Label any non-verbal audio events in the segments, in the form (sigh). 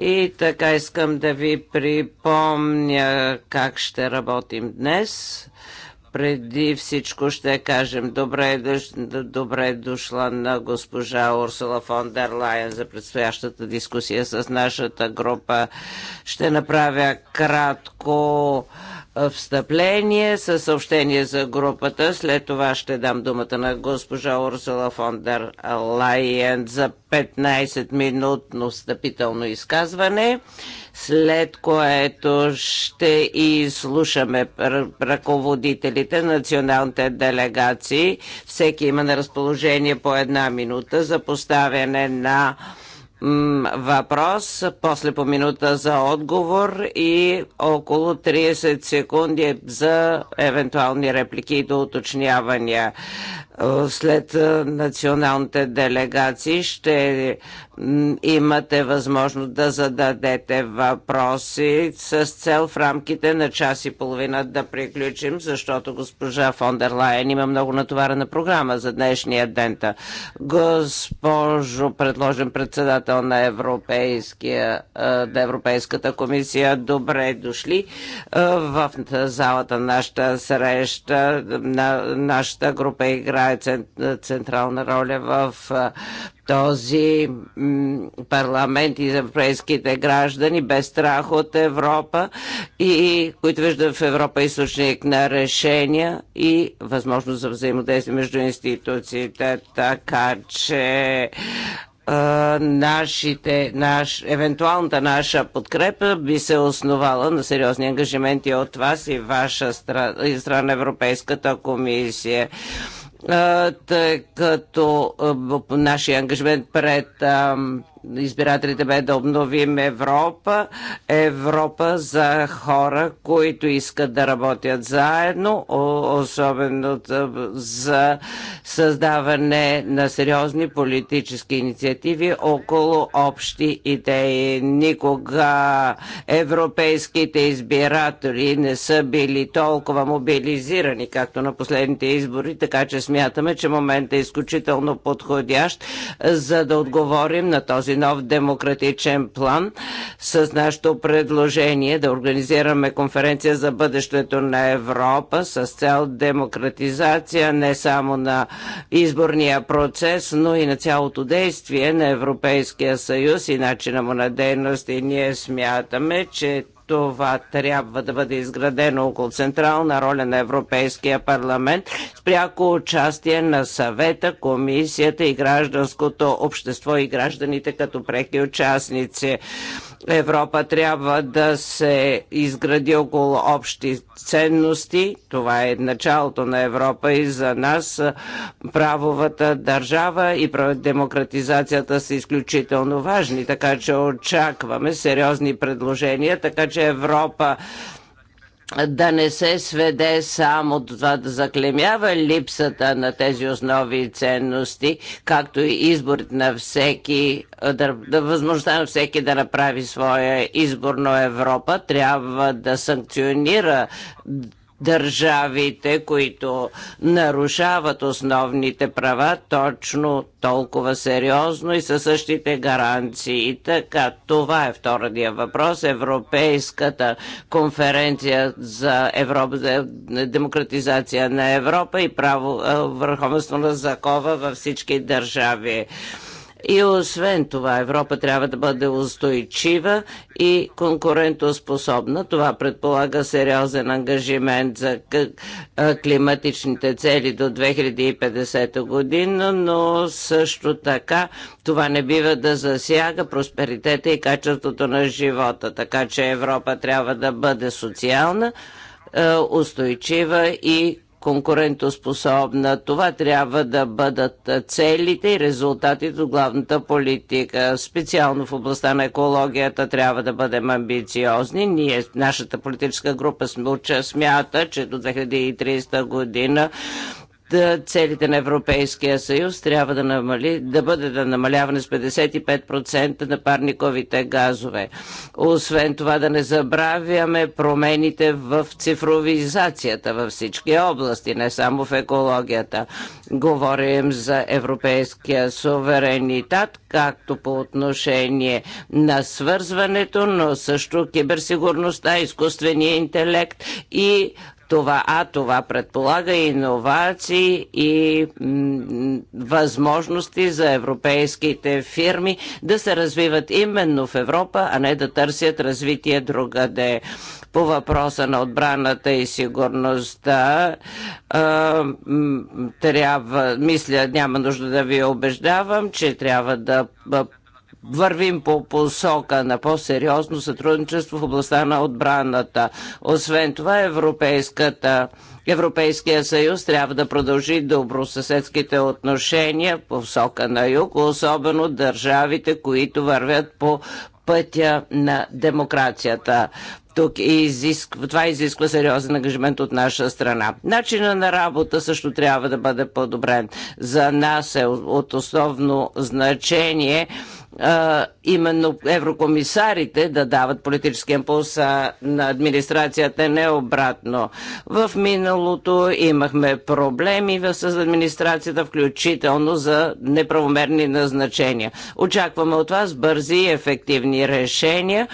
И така искам да ви припомня как ще работим днес. Преди всичко ще кажем добре, добре дошла на госпожа Урсула фон дер Лайен за предстоящата дискусия с нашата група. Ще направя кратко встъпление с съобщение за групата. След това ще дам думата на госпожа Урсула фон дер Лайен за 15-минутно встъпително изказване, след което ще изслушаме ръководителите на националните делегации. Всеки има на разположение по една минута за поставяне на въпрос, после по минута за отговор и около 30 секунди за евентуални реплики и до уточнявания. Е, след е, националните делегации ще имате възможност да зададете въпроси с цел в рамките на час и половина да приключим, защото госпожа Фондер има много натоварена програма за днешния ден. Госпожо предложен председател на, Европейския, е, на Европейската комисия, добре дошли е, в залата на нашата среща. На, нашата група играе централна роля в е, този парламент и европейските граждани без страх от Европа и които виждат в Европа източник на решения и възможност за взаимодействие между институциите. Така че нашите, наш, евентуалната наша подкрепа би се основала на сериозни ангажименти от вас и ваша страна, и страна Европейската комисия тъй като нашия ангажимент пред избирателите бе да обновим Европа, Европа за хора, които искат да работят заедно, особено за създаване на сериозни политически инициативи около общи идеи. Никога европейските избиратели не са били толкова мобилизирани, както на последните избори, така че смятаме, че моментът е изключително подходящ, за да отговорим на този този нов демократичен план с нашето предложение да организираме конференция за бъдещето на Европа с цел демократизация не само на изборния процес, но и на цялото действие на Европейския съюз и начина му на дейност. И ние смятаме, че това трябва да бъде изградено около централна роля на Европейския парламент с пряко участие на съвета, комисията и гражданското общество и гражданите като преки участници. Европа трябва да се изгради около общи ценности. Това е началото на Европа и за нас правовата държава и демократизацията са изключително важни, така че очакваме сериозни предложения, така че Европа да не се сведе само до това да заклемява липсата на тези основи и ценности, както и изборът на всеки, да, да, възможността на всеки да направи своя избор, но Европа трябва да санкционира държавите, които нарушават основните права точно толкова сериозно и със същите гаранции. Така, това е втория въпрос. Европейската конференция за Европа, демократизация на Европа и право върховенство на закова във всички държави. И освен това, Европа трябва да бъде устойчива и конкурентоспособна. Това предполага сериозен ангажимент за климатичните цели до 2050 година, но също така това не бива да засяга просперитета и качеството на живота. Така че Европа трябва да бъде социална, устойчива и конкурентоспособна. Това трябва да бъдат целите и резултатите от главната политика. Специално в областта на екологията трябва да бъдем амбициозни. Ние, нашата политическа група смята, че до 2030 година целите на Европейския съюз трябва да, намали, да бъде да намаляване с 55% на парниковите газове. Освен това да не забравяме промените в цифровизацията във всички области, не само в екологията. Говорим за европейския суверенитет, както по отношение на свързването, но също киберсигурността, изкуствения интелект и това, а това предполага иновации и възможности за европейските фирми да се развиват именно в Европа, а не да търсят развитие другаде. По въпроса на отбраната и сигурността а, трябва, мисля, няма нужда да ви убеждавам, че трябва да вървим по посока на по-сериозно сътрудничество в областта на отбраната. Освен това, Европейската Европейския съюз трябва да продължи добросъседските отношения по посока на юг, особено държавите, които вървят по пътя на демокрацията. Тук изисква, това изисква сериозен ангажимент от наша страна. Начина на работа също трябва да бъде подобрен. За нас е от основно значение а, именно еврокомисарите да дават политически импулс на администрацията, не обратно. В миналото имахме проблеми с администрацията, включително за неправомерни назначения. Очакваме от вас бързи и ефективни решения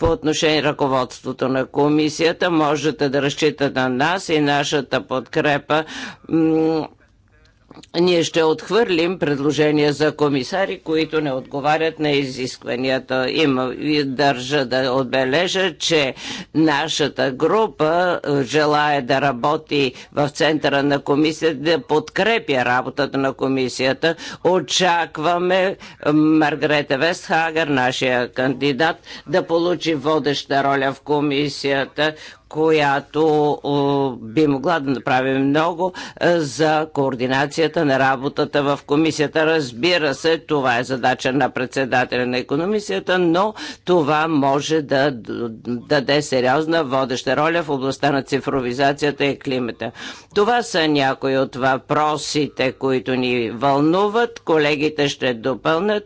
по отношение ръководството на комисията. Можете да разчитате на нас и нашата подкрепа ние ще отхвърлим предложения за комисари, които не отговарят на изискванията. Има, и държа да отбележа, че нашата група е, желая да работи в центъра на комисията, да подкрепя работата на комисията. Очакваме е, Маргарета Вестхагер, нашия кандидат, да получи водеща роля в комисията, която би могла да направи много е, за координацията на работата в комисията. Разбира се, това е задача на председателя на економисията, но това може да даде сериозна водеща роля в областта на цифровизацията и климата. Това са някои от въпросите, които ни вълнуват. Колегите ще допълнат.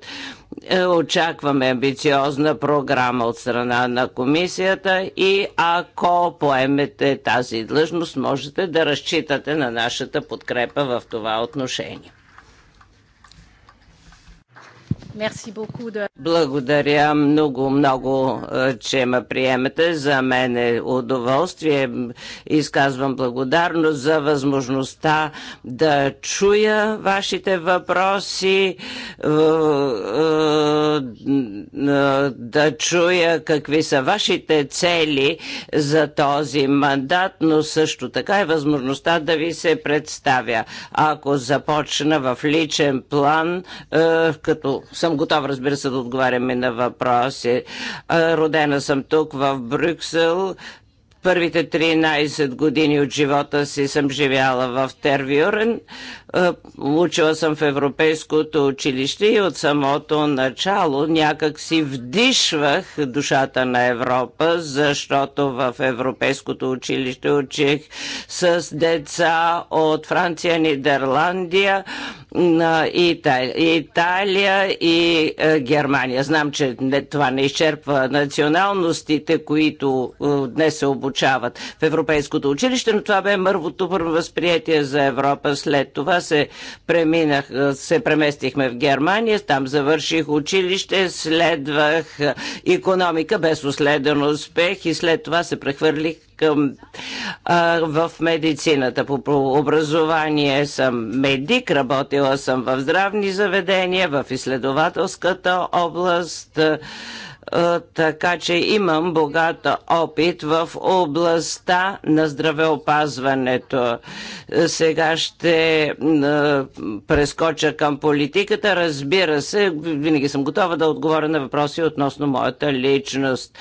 Е, очакваме амбициозна програма от страна на комисията и ако поемете тази длъжност, можете да разчитате на нашата подкрепа в това отношение. Благодаря много, много, е, че ме приемете. За мен е удоволствие. Изказвам благодарност за възможността да чуя вашите въпроси, е, е, да чуя какви са вашите цели за този мандат, но също така е възможността да ви се представя. Ако започна в личен план, като съм готов, разбира се, да отговаряме на въпроси. Родена съм тук в Брюксел, първите 13 години от живота си съм живяла в Тервюрен. Учила съм в Европейското училище и от самото начало някак си вдишвах душата на Европа, защото в Европейското училище учих с деца от Франция, Нидерландия, на Италия и е, Германия. Знам, че не, това не изчерпва националностите, които е, днес се обучават в Европейското училище, но това бе мървото първо възприятие за Европа. След това се, преминах, е, се преместихме в Германия, там завърших училище, следвах економика без уследен успех и след това се прехвърлих към, а, в медицината. По, по образование съм медик, работила съм в здравни заведения, в изследователската област така че имам богат опит в областта на здравеопазването. Сега ще прескоча към политиката. Разбира се, винаги съм готова да отговоря на въпроси относно моята личност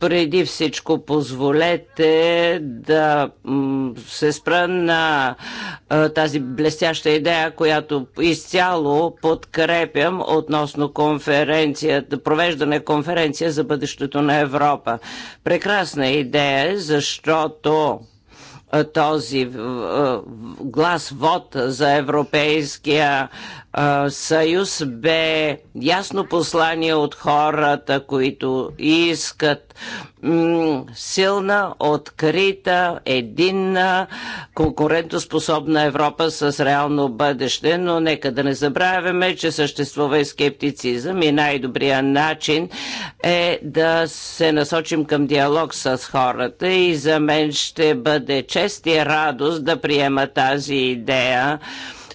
преди всичко позволете да се спра на тази блестяща идея, която изцяло подкрепям относно конференцията, провеждане конференция за бъдещето на Европа. Прекрасна идея, защото този глас вод за Европейския съюз бе ясно послание от хората, които искат силна, открита, единна, конкурентоспособна Европа с реално бъдеще, но нека да не забравяме, че съществува и скептицизъм и най-добрият начин е да се насочим към диалог с хората и за мен ще бъде чест и радост да приема тази идея.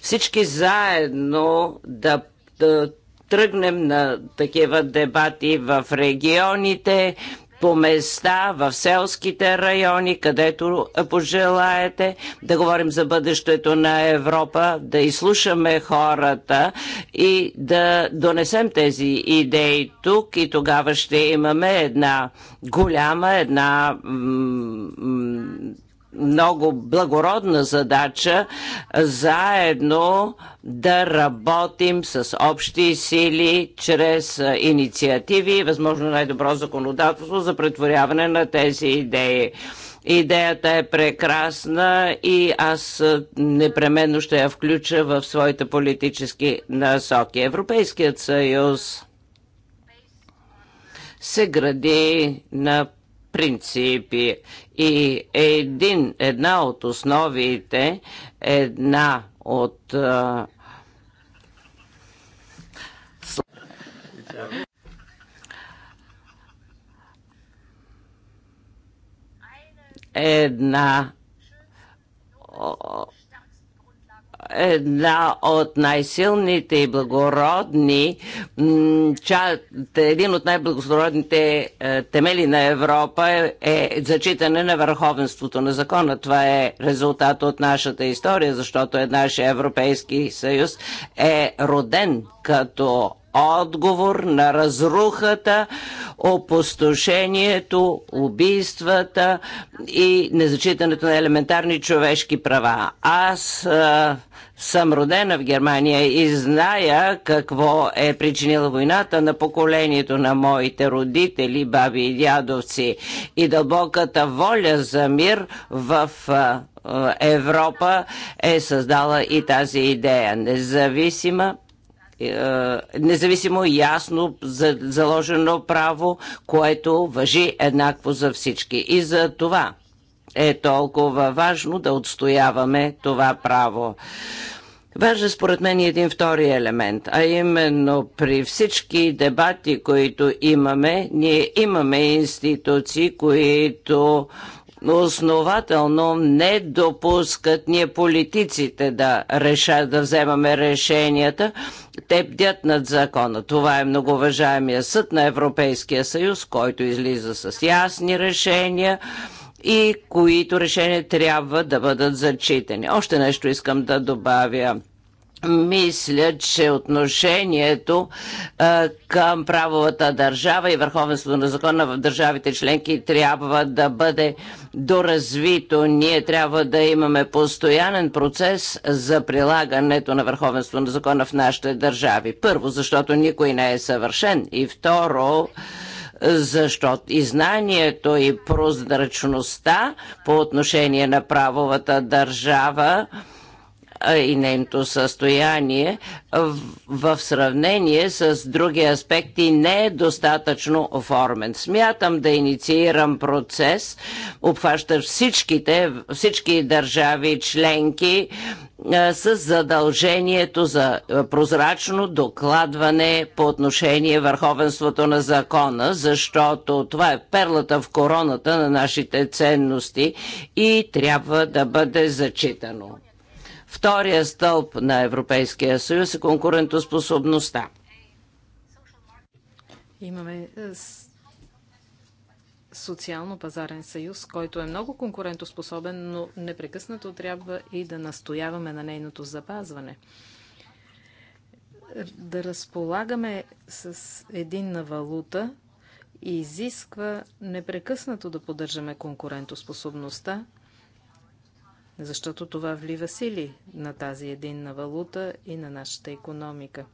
Всички заедно да, да тръгнем на такива дебати в регионите, по места, в селските райони, където пожелаете, да говорим за бъдещето на Европа, да изслушаме хората и да донесем тези идеи тук и тогава ще имаме една голяма, една много благородна задача заедно да работим с общи сили, чрез инициативи и възможно най-добро законодателство за претворяване на тези идеи. Идеята е прекрасна и аз непременно ще я включа в своите политически насоки. Европейският съюз се гради на принципи. И един, една от основите, една от а, една една от най-силните и благородни, един от най-благородните е, темели на Европа е, е зачитане на върховенството на закона. Това е резултат от нашата история, защото е нашия Европейски съюз е роден като отговор на разрухата, опустошението, убийствата и незачитането на елементарни човешки права. Аз а, съм родена в Германия и зная какво е причинила войната на поколението на моите родители, баби и дядовци и дълбоката воля за мир в а, Европа е създала и тази идея. Независима е, независимо и ясно заложено право, което въжи еднакво за всички. И за това е толкова важно да отстояваме това право. Важен според мен е един втори елемент, а именно при всички дебати, които имаме, ние имаме институции, които основателно не допускат ние политиците да решат, да вземаме решенията. Те бдят над закона. Това е многоважаемия съд на Европейския съюз, който излиза с ясни решения и които решения трябва да бъдат зачитани. Още нещо искам да добавя мисля, че отношението а, към правовата държава и върховенството на закона в държавите членки трябва да бъде доразвито. Ние трябва да имаме постоянен процес за прилагането на върховенство на закона в нашите държави. Първо, защото никой не е съвършен. И второ, защото и знанието и прозрачността по отношение на правовата държава и нейното състояние в сравнение с други аспекти не е достатъчно оформен. Смятам да инициирам процес, обхваща всичките, всички държави членки с задължението за прозрачно докладване по отношение върховенството на закона, защото това е перлата в короната на нашите ценности и трябва да бъде зачитано. Втория стълб на Европейския съюз е конкурентоспособността. Имаме е, социално-пазарен съюз, който е много конкурентоспособен, но непрекъснато трябва и да настояваме на нейното запазване. Е, да разполагаме с единна валута изисква непрекъснато да поддържаме конкурентоспособността, защото това влива сили на тази единна валута и на нашата економика.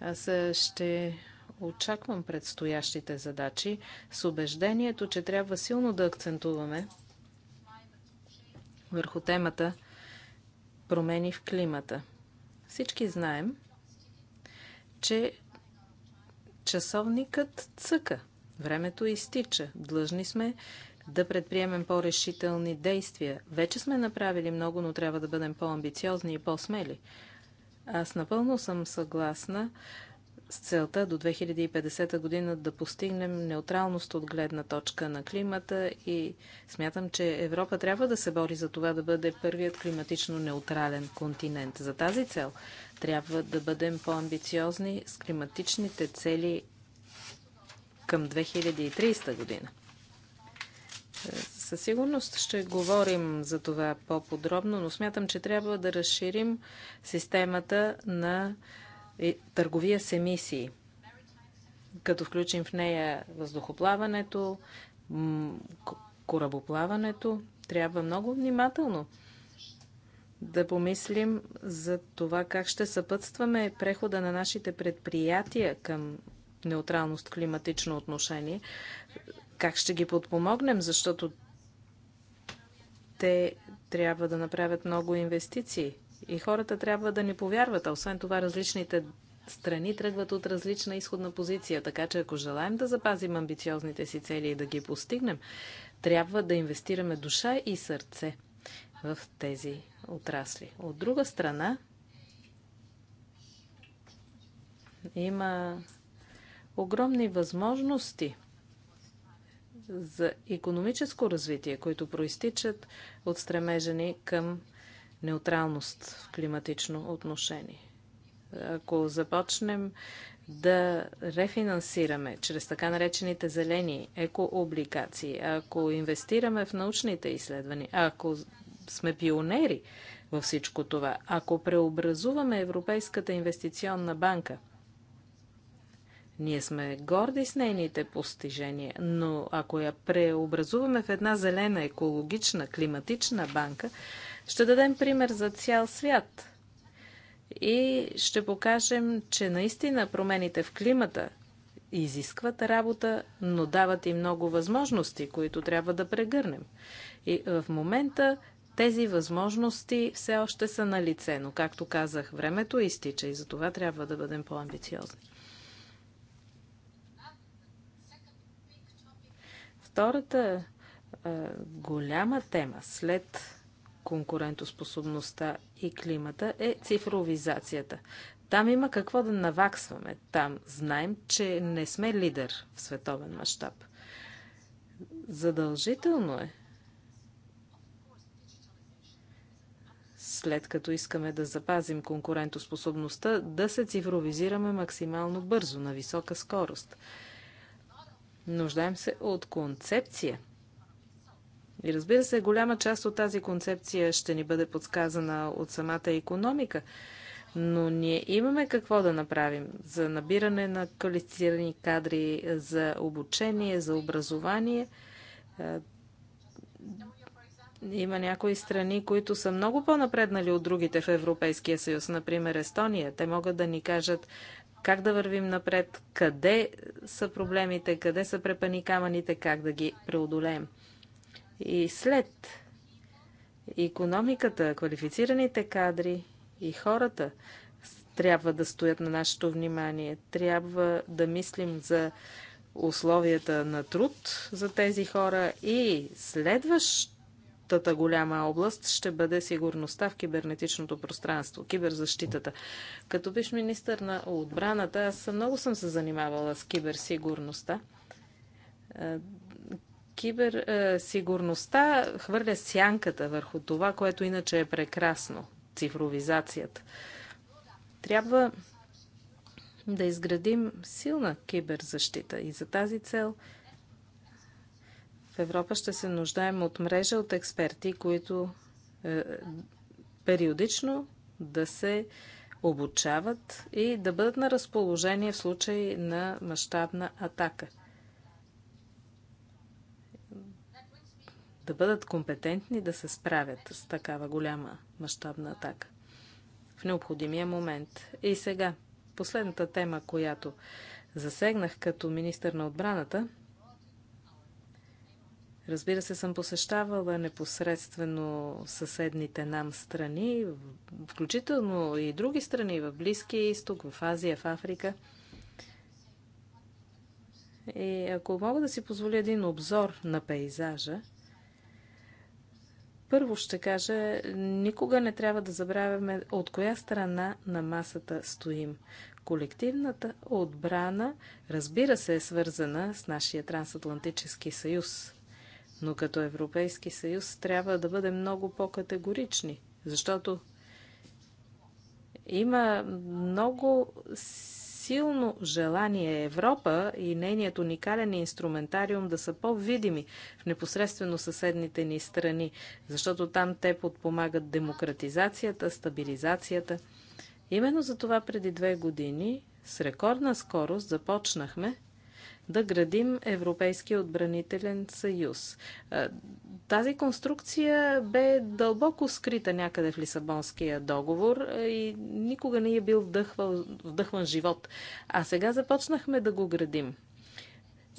Аз ще очаквам предстоящите задачи с убеждението, че трябва силно да акцентуваме върху темата промени в климата. Всички знаем, че часовникът цъка, времето изтича. Длъжни сме да предприемем по-решителни действия. Вече сме направили много, но трябва да бъдем по-амбициозни и по-смели. Аз напълно съм съгласна с целта до 2050 година да постигнем неутралност от гледна точка на климата и смятам, че Европа трябва да се бори за това да бъде първият климатично неутрален континент. За тази цел трябва да бъдем по-амбициозни с климатичните цели към 2030 година. Със сигурност ще говорим за това по-подробно, но смятам, че трябва да разширим системата на е, търговия с емисии, като включим в нея въздухоплаването, корабоплаването. Трябва много внимателно да помислим за това как ще съпътстваме прехода на нашите предприятия към неутралност климатично отношение как ще ги подпомогнем, защото те трябва да направят много инвестиции и хората трябва да ни повярват. А освен това, различните страни тръгват от различна изходна позиция, така че ако желаем да запазим амбициозните си цели и да ги постигнем, трябва да инвестираме душа и сърце в тези отрасли. От друга страна, има огромни възможности – за економическо развитие, които проистичат от стремежа ни към неутралност в климатично отношение. Ако започнем да рефинансираме чрез така наречените зелени екооблигации. ако инвестираме в научните изследвания, ако сме пионери във всичко това, ако преобразуваме Европейската инвестиционна банка ние сме горди с нейните постижения, но ако я преобразуваме в една зелена, екологична, климатична банка, ще дадем пример за цял свят. И ще покажем, че наистина промените в климата изискват работа, но дават и много възможности, които трябва да прегърнем. И в момента тези възможности все още са на лице, но както казах, времето изтича и за това трябва да бъдем по-амбициозни. Втората голяма тема след конкурентоспособността и климата е цифровизацията. Там има какво да наваксваме. Там знаем, че не сме лидер в световен мащаб. Задължително е, след като искаме да запазим конкурентоспособността, да се цифровизираме максимално бързо, на висока скорост. Нуждаем се от концепция. И разбира се, голяма част от тази концепция ще ни бъде подсказана от самата економика, но ние имаме какво да направим за набиране на квалифицирани кадри, за обучение, за образование. Е, има някои страни, които са много по-напреднали от другите в Европейския съюз, например Естония. Те могат да ни кажат как да вървим напред, къде са проблемите, къде са препани камъните, как да ги преодолеем. И след економиката, квалифицираните кадри и хората трябва да стоят на нашето внимание. Трябва да мислим за условията на труд за тези хора и следващ Тата голяма област ще бъде сигурността в кибернетичното пространство, киберзащитата. Като биш министър на отбраната, аз много съм се занимавала с киберсигурността. Е, киберсигурността е, хвърля сянката върху това, което иначе е прекрасно цифровизацията. Трябва да изградим силна киберзащита и за тази цел – в Европа ще се нуждаем от мрежа от експерти, които е, периодично да се обучават и да бъдат на разположение в случай на мащабна атака. Да бъдат компетентни да се справят с такава голяма мащабна атака в необходимия момент. И сега, последната тема, която засегнах като министър на отбраната, Разбира се, съм посещавала непосредствено съседните нам страни, включително и други страни в Близкия изток, в Азия, в Африка. И ако мога да си позволя един обзор на пейзажа, първо ще кажа, никога не трябва да забравяме от коя страна на масата стоим. Колективната отбрана, разбира се, е свързана с нашия трансатлантически съюз. Но като Европейски съюз трябва да бъдем много по-категорични, защото има много силно желание Европа и нейният уникален инструментариум да са по-видими в непосредствено съседните ни страни, защото там те подпомагат демократизацията, стабилизацията. Именно за това преди две години с рекордна скорост започнахме да градим Европейския отбранителен съюз. Тази конструкция бе дълбоко скрита някъде в Лисабонския договор и никога не е бил вдъхвал, вдъхван живот. А сега започнахме да го градим.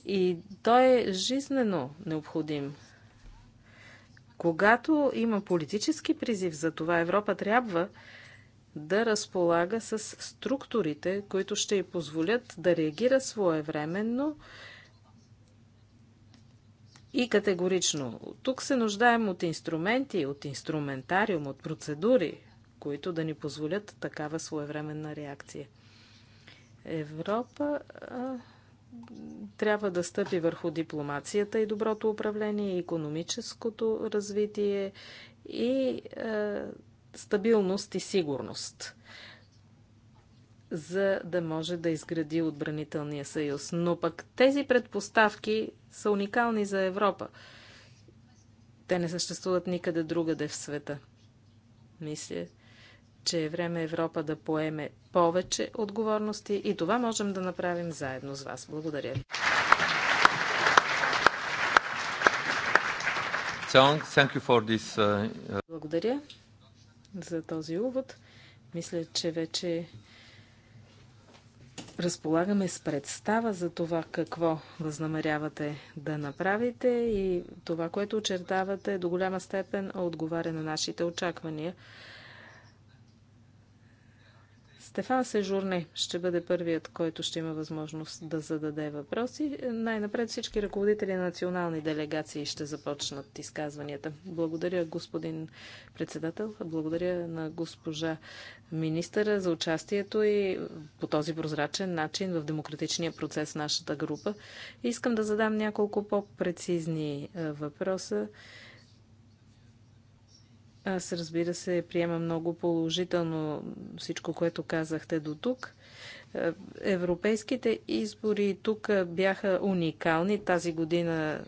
И той е жизнено необходим. Когато има политически призив за това, Европа трябва да разполага с структурите, които ще й позволят да реагира своевременно и категорично. Тук се нуждаем от инструменти, от инструментариум, от процедури, които да ни позволят такава своевременна реакция. Европа а, трябва да стъпи върху дипломацията и доброто управление, и економическото развитие, и а, стабилност и сигурност, за да може да изгради отбранителния съюз. Но пък тези предпоставки са уникални за Европа. Те не съществуват никъде другаде в света. Мисля, че е време Европа да поеме повече отговорности и това можем да направим заедно с вас. Благодаря ви. Uh, Благодаря за този увод. Мисля, че вече разполагаме с представа за това какво възнамерявате да направите и това, което очертавате до голяма степен отговаря на нашите очаквания. Стефан Сежурне ще бъде първият, който ще има възможност да зададе въпроси. Най-напред всички ръководители на национални делегации ще започнат изказванията. Благодаря господин председател, благодаря на госпожа министъра за участието и по този прозрачен начин в демократичния процес нашата група. Искам да задам няколко по-прецизни е, въпроса аз разбира се приема много положително всичко, което казахте до тук. Е, европейските избори тук бяха уникални. Тази година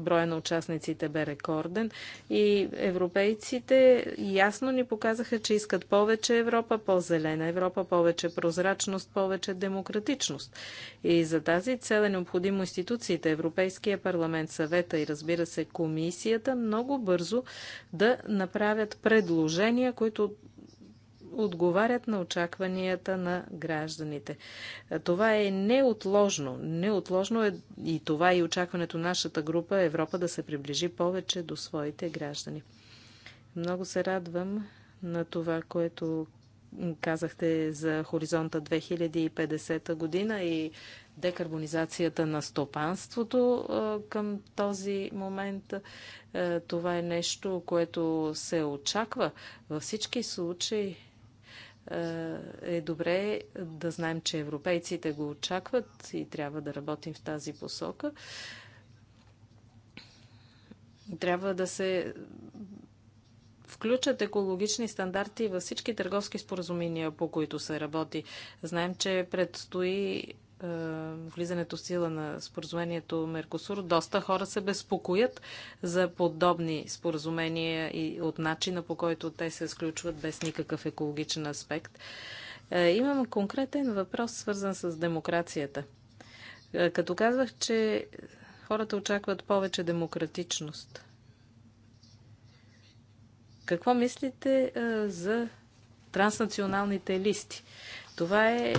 броя на участниците бе рекорден и европейците ясно ни показаха, че искат повече Европа, по-зелена Европа, повече прозрачност, повече демократичност. И за тази цел е необходимо институциите, Европейския парламент, съвета и разбира се комисията много бързо да направят предложения, които отговарят на очакванията на гражданите. Това е неотложно. Неотложно е и това и очакването на нашата група Европа да се приближи повече до своите граждани. Много се радвам на това, което казахте за хоризонта 2050 година и декарбонизацията на стопанството към този момент. Това е нещо, което се очаква във всички случаи. Е, е добре да знаем, че европейците го очакват и трябва да работим в тази посока. Трябва да се включат екологични стандарти във всички търговски споразумения, по които се работи. Знаем, че предстои е, влизането в сила на споразумението Меркосур, доста хора се безпокоят за подобни споразумения и от начина по който те се сключват без никакъв екологичен аспект. Е, имам конкретен въпрос, свързан с демокрацията. Е, като казвах, че хората очакват повече демократичност. Какво мислите за транснационалните листи? Това е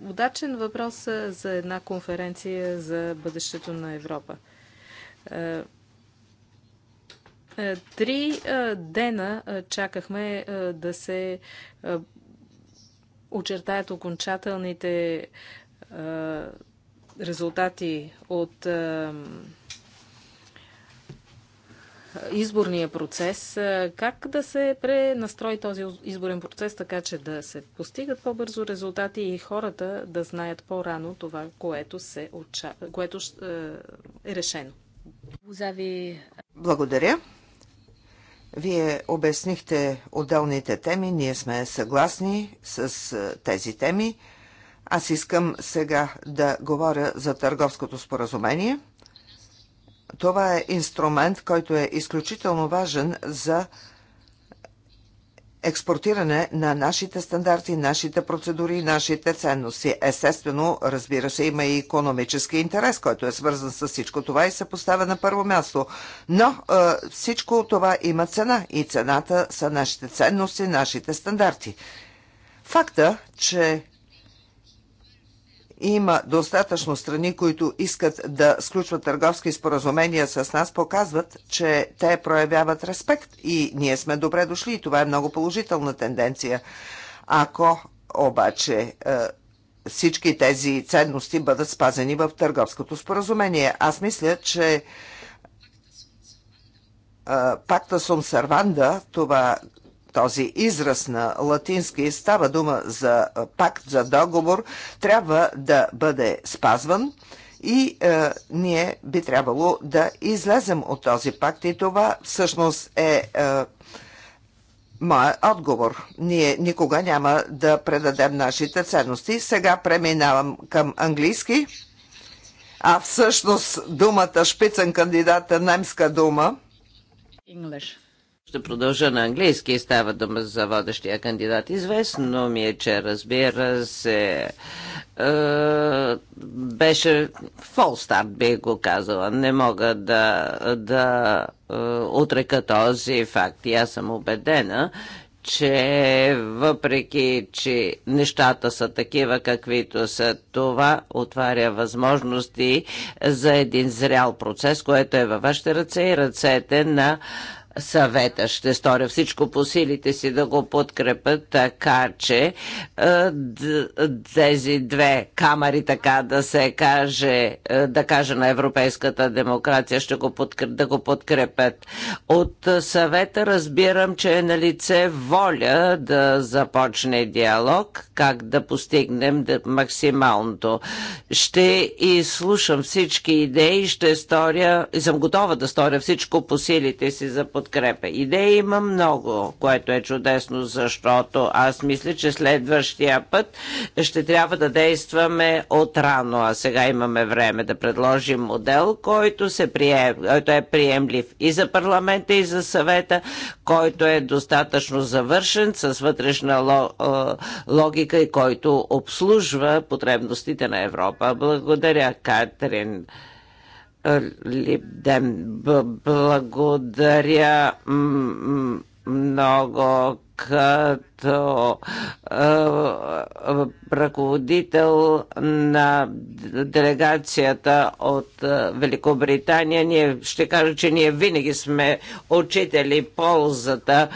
удачен въпрос за една конференция за бъдещето на Европа. Три дена чакахме да се очертаят окончателните резултати от изборния процес. Как да се пренастрои този изборен процес, така че да се постигат по-бързо резултати и хората да знаят по-рано това, което, се отча... което е решено? Благодаря. Вие обяснихте отделните теми. Ние сме съгласни с тези теми. Аз искам сега да говоря за търговското споразумение – това е инструмент, който е изключително важен за експортиране на нашите стандарти, нашите процедури, нашите ценности. Естествено, разбира се, има и економически интерес, който е свързан с всичко това и се поставя на първо място. Но е, всичко това има цена и цената са нашите ценности, нашите стандарти. Факта, че има достатъчно страни, които искат да сключват търговски споразумения с нас, показват, че те проявяват респект и ние сме добре дошли. Това е много положителна тенденция. Ако обаче е, всички тези ценности бъдат спазени в търговското споразумение. Аз мисля, че е, пакта Сумсарванда, това този израз на латински става дума за пакт, за договор, трябва да бъде спазван и е, ние би трябвало да излезем от този пакт и това всъщност е, е Моя отговор. Ние никога няма да предадем нашите ценности. Сега преминавам към английски. А всъщност думата шпицен кандидат е немска дума. English ще продължа на английски. Става дума за водещия кандидат. Известно ми е, че разбира се, е, беше старт, би го казала. Не мога да, да е, отрека този факт. И аз съм убедена, че въпреки, че нещата са такива, каквито са, това отваря възможности за един зрял процес, което е във вашите ръце и ръцете на съвета. Ще сторя всичко по силите си да го подкрепят, така че е, тези две камери, така да се каже, е, да кажа на европейската демокрация, ще го подкрепят, да го подкрепят. От съвета разбирам, че е на лице воля да започне диалог, как да постигнем максималното. Ще изслушам всички идеи, ще сторя, съм готова да сторя всичко по силите си за подкрепят подкрепа. Идеи има много, което е чудесно, защото аз мисля, че следващия път ще трябва да действаме отрано, а сега имаме време да предложим модел, който, се прием, който е приемлив и за парламента, и за съвета, който е достатъчно завършен с вътрешна логика и който обслужва потребностите на Европа. Благодаря, Катрин. Либден. Благодаря много като като ръководител на делегацията от Великобритания, ние ще кажа, че ние винаги сме отчитали ползата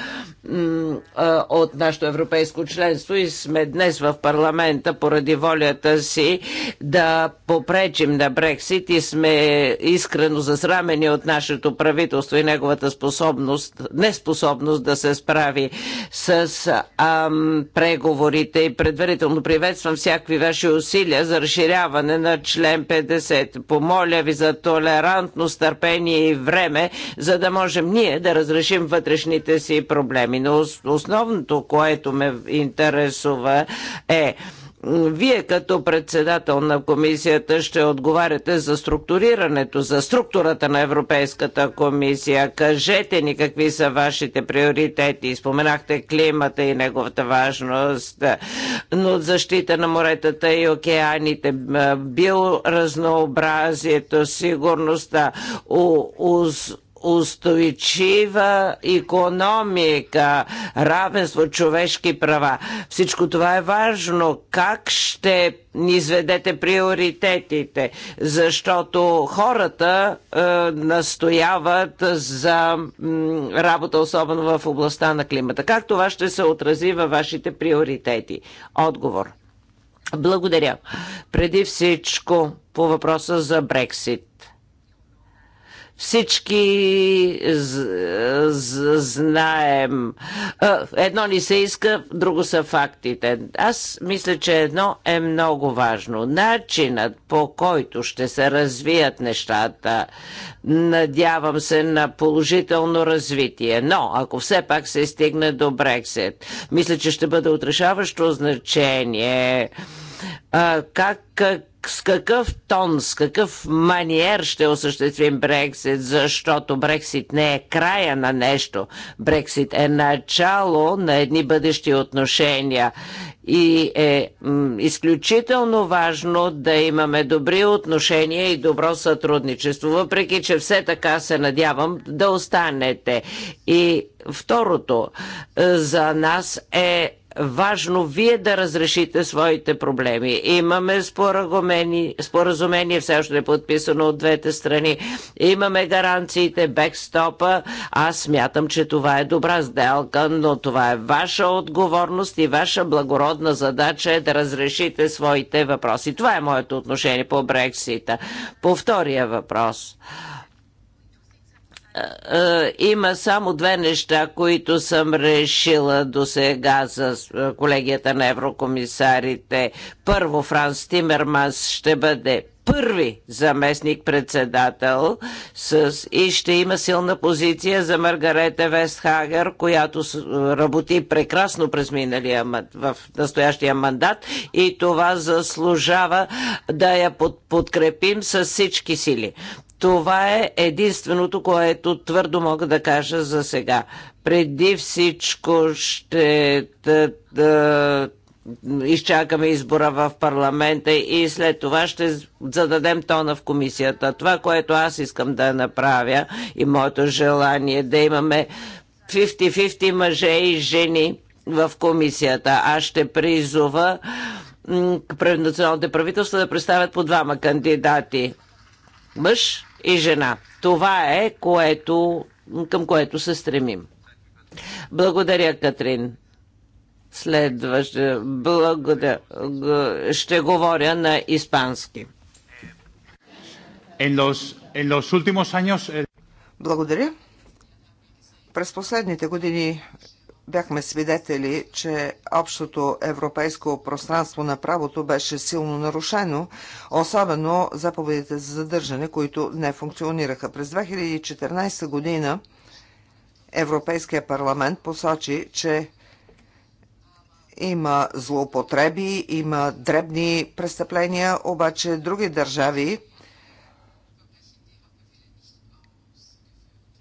от нашето европейско членство и сме днес в парламента поради волята си да попречим на Брексит и сме искрено засрамени от нашето правителство и неговата способност, неспособност да се справи с ам, преговорите и предварително приветствам всякакви ваши усилия за разширяване на член 50. Помоля ви за толерантност, търпение и време, за да можем ние да разрешим вътрешните си проблеми. Но основното, което ме интересува е вие като председател на комисията ще отговаряте за структурирането, за структурата на Европейската комисия. Кажете ни какви са вашите приоритети. Споменахте климата и неговата важност, но защита на моретата и океаните, биоразнообразието, сигурността, устойчива економика, равенство, човешки права. Всичко това е важно. Как ще изведете приоритетите? Защото хората е, настояват за м, работа, особено в областта на климата. Как това ще се отрази във вашите приоритети? Отговор. Благодаря. Преди всичко по въпроса за Брексит всички знаем. Едно ни се иска, друго са фактите. Аз мисля, че едно е много важно. Начинът по който ще се развият нещата, надявам се на положително развитие. Но, ако все пак се стигне до Брексит, мисля, че ще бъде отрешаващо значение. Как, как с какъв тон, с какъв маниер ще осъществим Брексит, защото Брексит не е края на нещо. Брексит е начало на едни бъдещи отношения и е изключително важно да имаме добри отношения и добро сътрудничество, въпреки че все така се надявам да останете. И второто е, за нас е важно вие да разрешите своите проблеми. Имаме споразумение, все още е подписано от двете страни. Имаме гаранциите, бекстопа. Аз смятам, че това е добра сделка, но това е ваша отговорност и ваша благородна задача е да разрешите своите въпроси. Това е моето отношение по Брексита. По втория въпрос. Uh, е, е, има само две неща, които съм решила до сега с е, колегията на еврокомисарите. Първо, Франс Тимерманс ще бъде първи заместник-председател с... и ще има силна позиция за Маргарете Вестхагер, която работи прекрасно през миналия в настоящия мандат и това заслужава да я под, подкрепим с всички сили. Това е единственото, което твърдо мога да кажа за сега. Преди всичко ще да, да, изчакаме избора в парламента и след това ще зададем тона в комисията. Това, което аз искам да направя и моето желание е да имаме 50-50 мъже и жени в комисията. Аз ще призова националните правителства да представят по двама кандидати мъж и жена. Това е, което, към което се стремим. Благодаря, Катрин. Следващ, благодаря. Ще говоря на испански. Благодаря. През последните години бяхме свидетели, че общото европейско пространство на правото беше силно нарушено, особено заповедите за задържане, които не функционираха. През 2014 година Европейския парламент посочи, че има злоупотреби, има дребни престъпления, обаче други държави –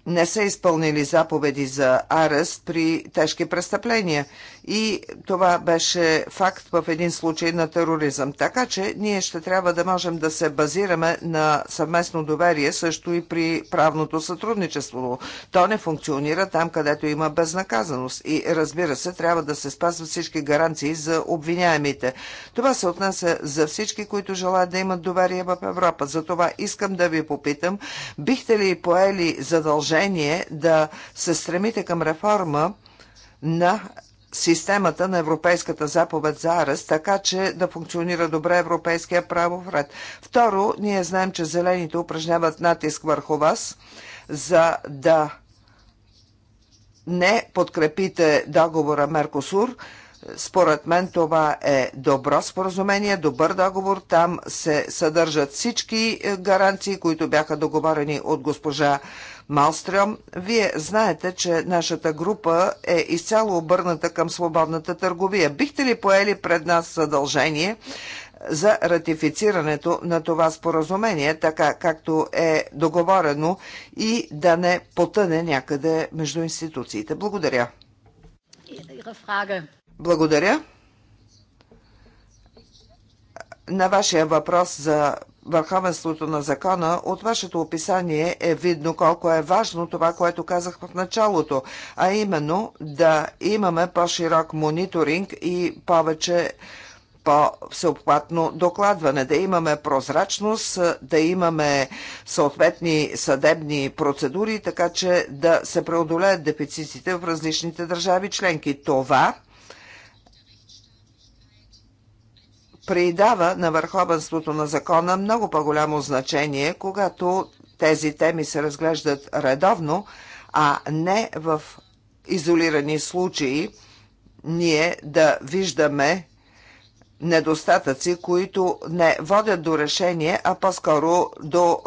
не са изпълнили заповеди за арест при тежки престъпления. И това беше факт в един случай на тероризъм. Така че ние ще трябва да можем да се базираме на съвместно доверие също и при правното сътрудничество. То не функционира там, където има безнаказаност. И разбира се, трябва да се спазват всички гаранции за обвиняемите. Това се отнася за всички, които желаят да имат доверие в Европа. Затова искам да ви попитам, бихте ли поели задължение задължение да се стремите към реформа на системата на Европейската заповед за арест, така че да функционира добре европейския правов ред. Второ, ние знаем, че зелените упражняват натиск върху вас, за да не подкрепите договора Меркосур – според мен това е добро споразумение, добър договор. Там се съдържат всички гаранции, които бяха договорени от госпожа Малстрем. Вие знаете, че нашата група е изцяло обърната към свободната търговия. Бихте ли поели пред нас съдължение за ратифицирането на това споразумение, така както е договорено и да не потъне някъде между институциите? Благодаря. Благодаря. На вашия въпрос за върховенството на закона, от вашето описание е видно колко е важно това, което казах в началото, а именно да имаме по-широк мониторинг и повече по-всеобхватно докладване, да имаме прозрачност, да имаме съответни съдебни процедури, така че да се преодолеят дефицитите в различните държави членки. Това придава на върховенството на закона много по-голямо значение, когато тези теми се разглеждат редовно, а не в изолирани случаи ние да виждаме недостатъци, които не водят до решение, а по-скоро до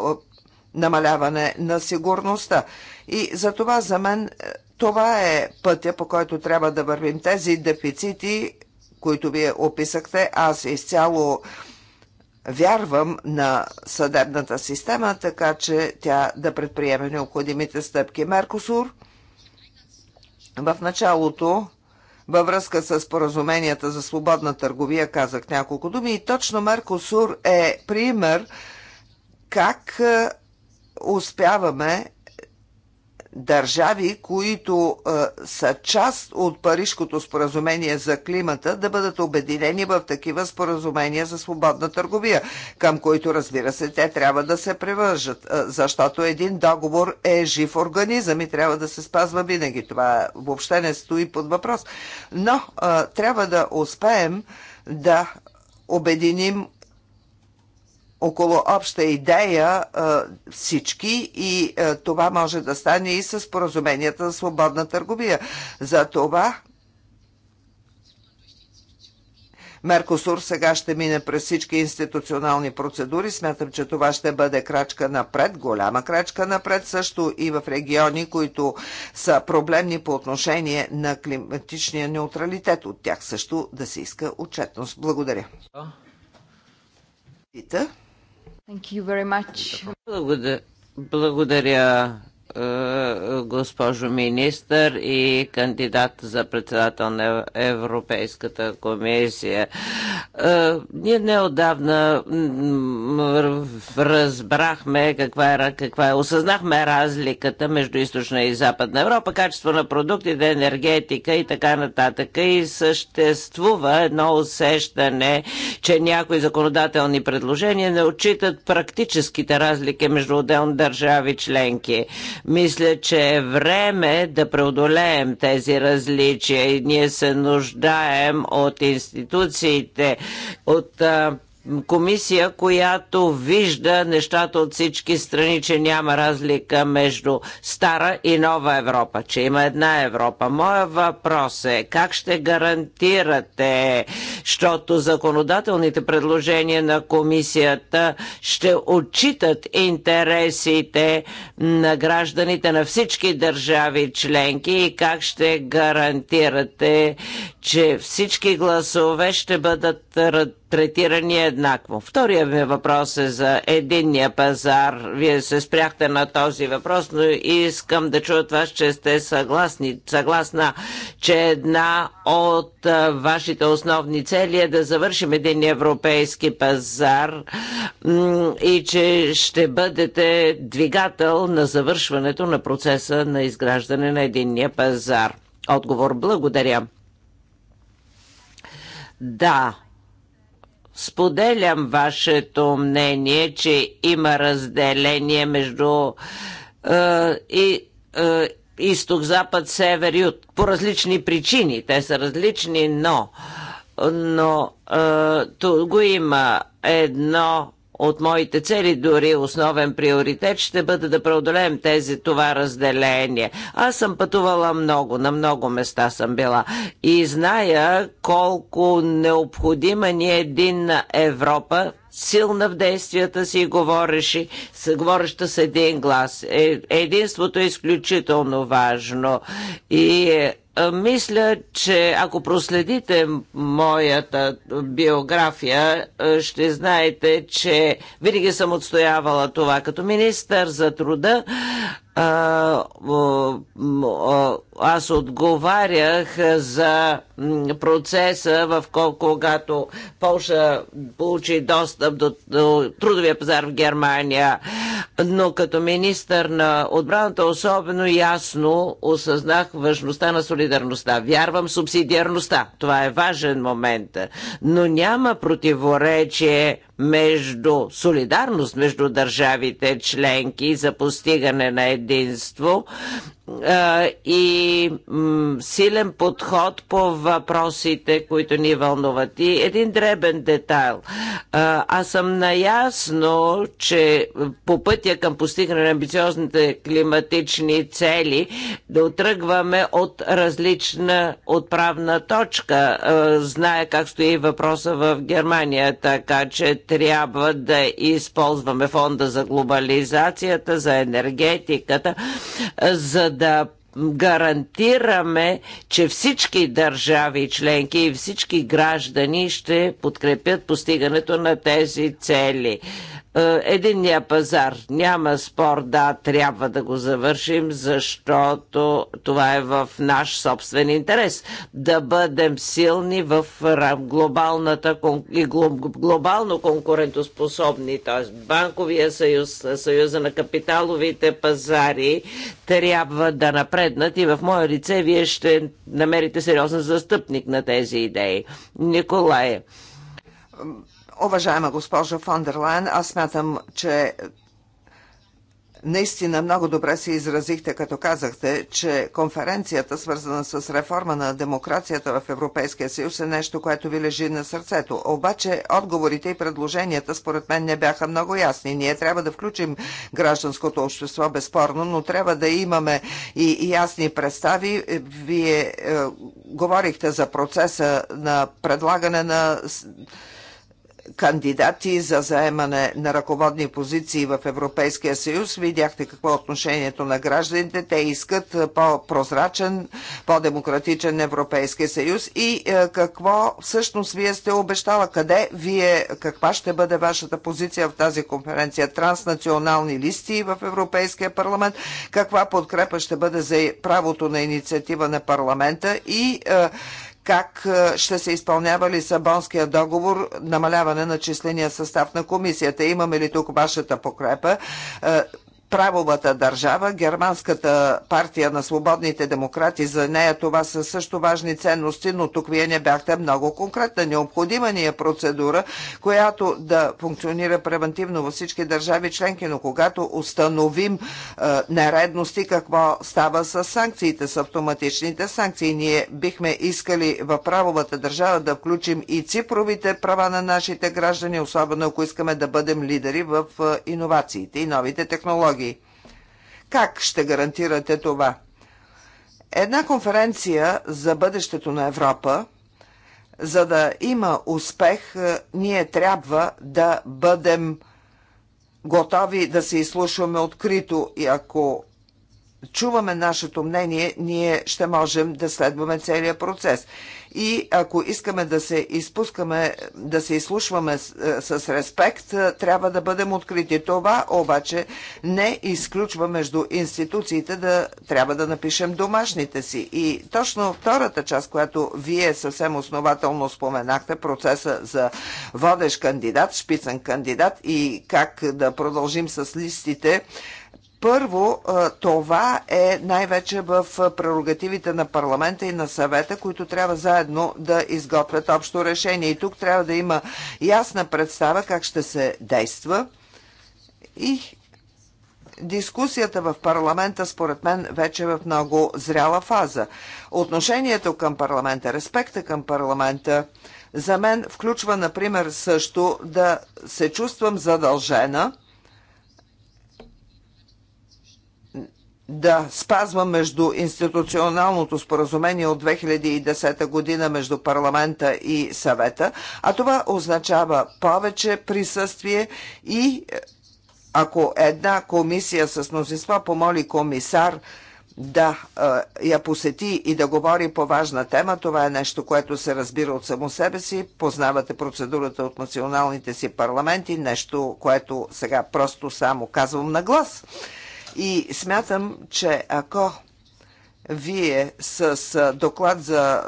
намаляване на сигурността. И за това за мен е, това е пътя, по който трябва да вървим. Тези дефицити които вие описахте. Аз изцяло вярвам на съдебната система, така че тя да предприеме необходимите стъпки. Меркосур в началото във връзка с поразуменията за свободна търговия казах няколко думи и точно Меркосур е пример как е, успяваме държави, които а, е, са част от Парижкото споразумение за климата, да бъдат обединени в такива споразумения за свободна търговия, към които, разбира се, те трябва да се превържат, а, е, защото един договор е жив организъм и трябва да се спазва винаги. Това въобще не стои под въпрос. Но а, е, трябва да успеем да обединим около обща идея всички и това може да стане и с поразуменията за свободна търговия. За това Меркосур сега ще мине през всички институционални процедури. Смятам, че това ще бъде крачка напред, голяма крачка напред, също и в региони, които са проблемни по отношение на климатичния неутралитет. От тях също да се иска отчетност. Благодаря. Пита. Благодаря, благодаря е, госпожо министър и кандидат за председател на Европейската комисия. Е, ние неодавна разбрахме каква е, каква е, осъзнахме разликата между източна и западна Европа, качество на продуктите, енергетика и така нататък. И съществува едно усещане, че някои законодателни предложения не отчитат практическите разлики между отделни държави членки. Мисля, че е време да преодолеем тези различия и ние се нуждаем от институциите, от комисия, която вижда нещата от всички страни, че няма разлика между стара и нова Европа, че има една Европа. Моя въпрос е как ще гарантирате, защото законодателните предложения на комисията ще отчитат интересите на гражданите на всички държави членки и как ще гарантирате, че всички гласове ще бъдат третирани еднакво. Втория ми въпрос е за единния пазар. Вие се спряхте на този въпрос, но искам да чуя от вас, че сте съгласни, съгласна, че една от вашите основни цели е да завършим един европейски пазар и че ще бъдете двигател на завършването на процеса на изграждане на единния пазар. Отговор благодаря. Да, Споделям вашето мнение, че има разделение между е, и, е, изток, запад, север, юг по различни причини. Те са различни, но но е, го има едно от моите цели, дори основен приоритет, ще бъде да преодолеем тези, това разделение. Аз съм пътувала много, на много места съм била и зная колко необходима ни е единна Европа, силна в действията си и говореше, говореща с един глас. Е, единството е изключително важно и е, е, мисля, че ако проследите моята биография, е, ще знаете, че винаги съм отстоявала това като министър за труда аз отговарях за процеса, в когато Полша получи достъп до, до трудовия пазар в Германия, но като министър на отбраната особено ясно осъзнах важността на солидарността. Вярвам субсидиарността. Това е важен момент. Но няма противоречие между солидарност между държавите членки за постигане на единство и силен подход по въпросите, които ни вълнуват. И един дребен детайл. Аз съм наясно, че по пътя към постигане на амбициозните климатични цели да отръгваме от различна отправна точка. Зная как стои въпроса в Германия, така че трябва да използваме фонда за глобализацията, за енергетиката, за да гарантираме, че всички държави членки и всички граждани ще подкрепят постигането на тези цели. Е, единния пазар. Няма спор, да, трябва да го завършим, защото това е в наш собствен интерес. Да бъдем силни в глобалната и глобално конкурентоспособни, т.е. банковия съюз, съюза на капиталовите пазари трябва да напреднат и в мое лице вие ще намерите сериозен застъпник на тези идеи. Николай Уважаема госпожа Лайн, аз смятам, че Наистина много добре се изразихте, като казахте, че конференцията, свързана с реформа на демокрацията в Европейския съюз, е нещо, което ви лежи на сърцето. Обаче отговорите и предложенията, според мен, не бяха много ясни. Ние трябва да включим гражданското общество, безспорно, но трябва да имаме и, и ясни представи. Вие е, говорихте за процеса на предлагане на кандидати за заемане на ръководни позиции в Европейския съюз. Видяхте какво е отношението на гражданите. Те искат по-прозрачен, по-демократичен Европейски съюз и е, какво всъщност вие сте обещала, къде вие, каква ще бъде вашата позиция в тази конференция, транснационални листи в Европейския парламент, каква подкрепа ще бъде за правото на инициатива на парламента и е, как е, ще се изпълнява Лисабонския договор, намаляване на числения състав на комисията. Имаме ли тук вашата покрепа? Е, правовата държава. Германската партия на свободните демократи, за нея това са също важни ценности, но тук вие не бяхте много конкретна. Необходима ни е процедура, която да функционира превентивно във всички държави членки, но когато установим е, нередности, какво става с санкциите, с автоматичните санкции. Ние бихме искали в правовата държава да включим и цифровите права на нашите граждани, особено ако искаме да бъдем лидери в е, иновациите и новите технологии ви. Как ще гарантирате това? Една конференция за бъдещето на Европа, за да има успех, е, ние трябва да бъдем готови да се изслушваме открито и ако чуваме нашето мнение, ние ще можем да следваме целият процес. И ако искаме да се изпускаме, да се изслушваме с, е, с респект, е, трябва да бъдем открити. Това обаче не изключва между институциите да трябва да напишем домашните си. И точно втората част, която вие съвсем основателно споменахте, процеса за водещ кандидат, шпицен кандидат и как да продължим с листите, първо, това е най-вече в прерогативите на парламента и на съвета, които трябва заедно да изготвят общо решение. И тук трябва да има ясна представа как ще се действа. И дискусията в парламента, според мен, вече е в много зряла фаза. Отношението към парламента, респекта към парламента, за мен включва, например, също да се чувствам задължена да спазва между институционалното споразумение от 2010 година между парламента и съвета, а това означава повече присъствие и ако една комисия с мнозинство помоли комисар да е, я посети и да говори по важна тема, това е нещо, което се разбира от само себе си. Познавате процедурата от националните си парламенти, нещо, което сега просто само казвам на глас. И смятам, че ако вие с доклад за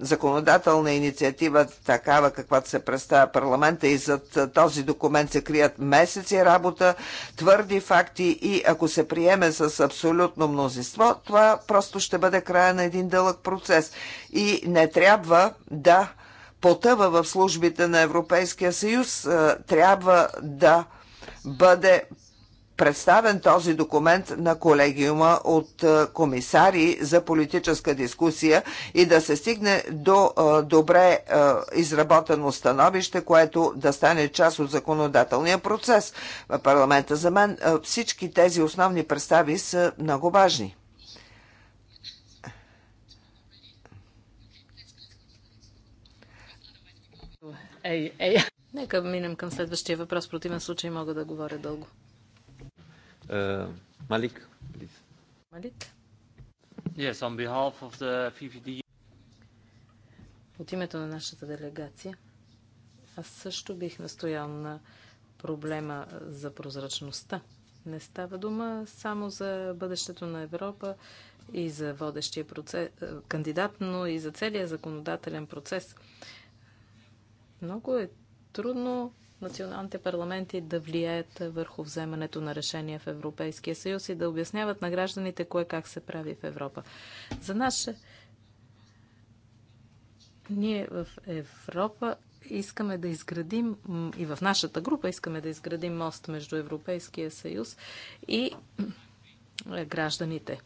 законодателна инициатива, такава каквато се представя парламента и зад този документ се крият месеци работа, твърди факти и ако се приеме с абсолютно мнозинство, това просто ще бъде края на един дълъг процес. И не трябва да потъва в службите на Европейския съюз, трябва да бъде представен този документ на колегиума от е, комисари за политическа дискусия и да се стигне до е, добре е, изработено становище, което да стане част от законодателния процес в парламента. За мен всички тези основни представи са много важни. Нека минем към следващия въпрос. В противен случай мога да говоря дълго. Uh, Malik, please. Malik? Yes, on behalf of the PVD. От името на нашата делегация, аз също бих настоял на проблема за прозрачността. Не става дума само за бъдещето на Европа и за водещия процес, е, кандидат, но и за целия законодателен процес. Много е трудно националните парламенти да влияят върху вземането на решения в Европейския съюз и да обясняват на гражданите кое как се прави в Европа. За наше ние в Европа искаме да изградим и в нашата група искаме да изградим мост между Европейския съюз и е, гражданите.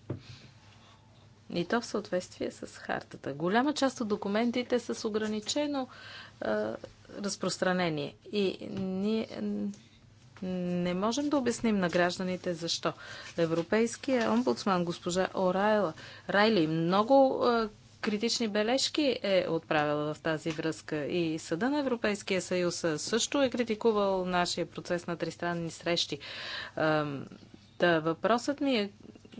И то в съответствие с хартата. Голяма част от документите са с ограничено разпространение. И ние не можем да обясним на гражданите защо. Европейския омбудсман госпожа Орайла Райли много е, критични бележки е отправила в тази връзка. И Съда на Европейския съюз също е критикувал нашия процес на тристранни срещи. Е, да, въпросът ми е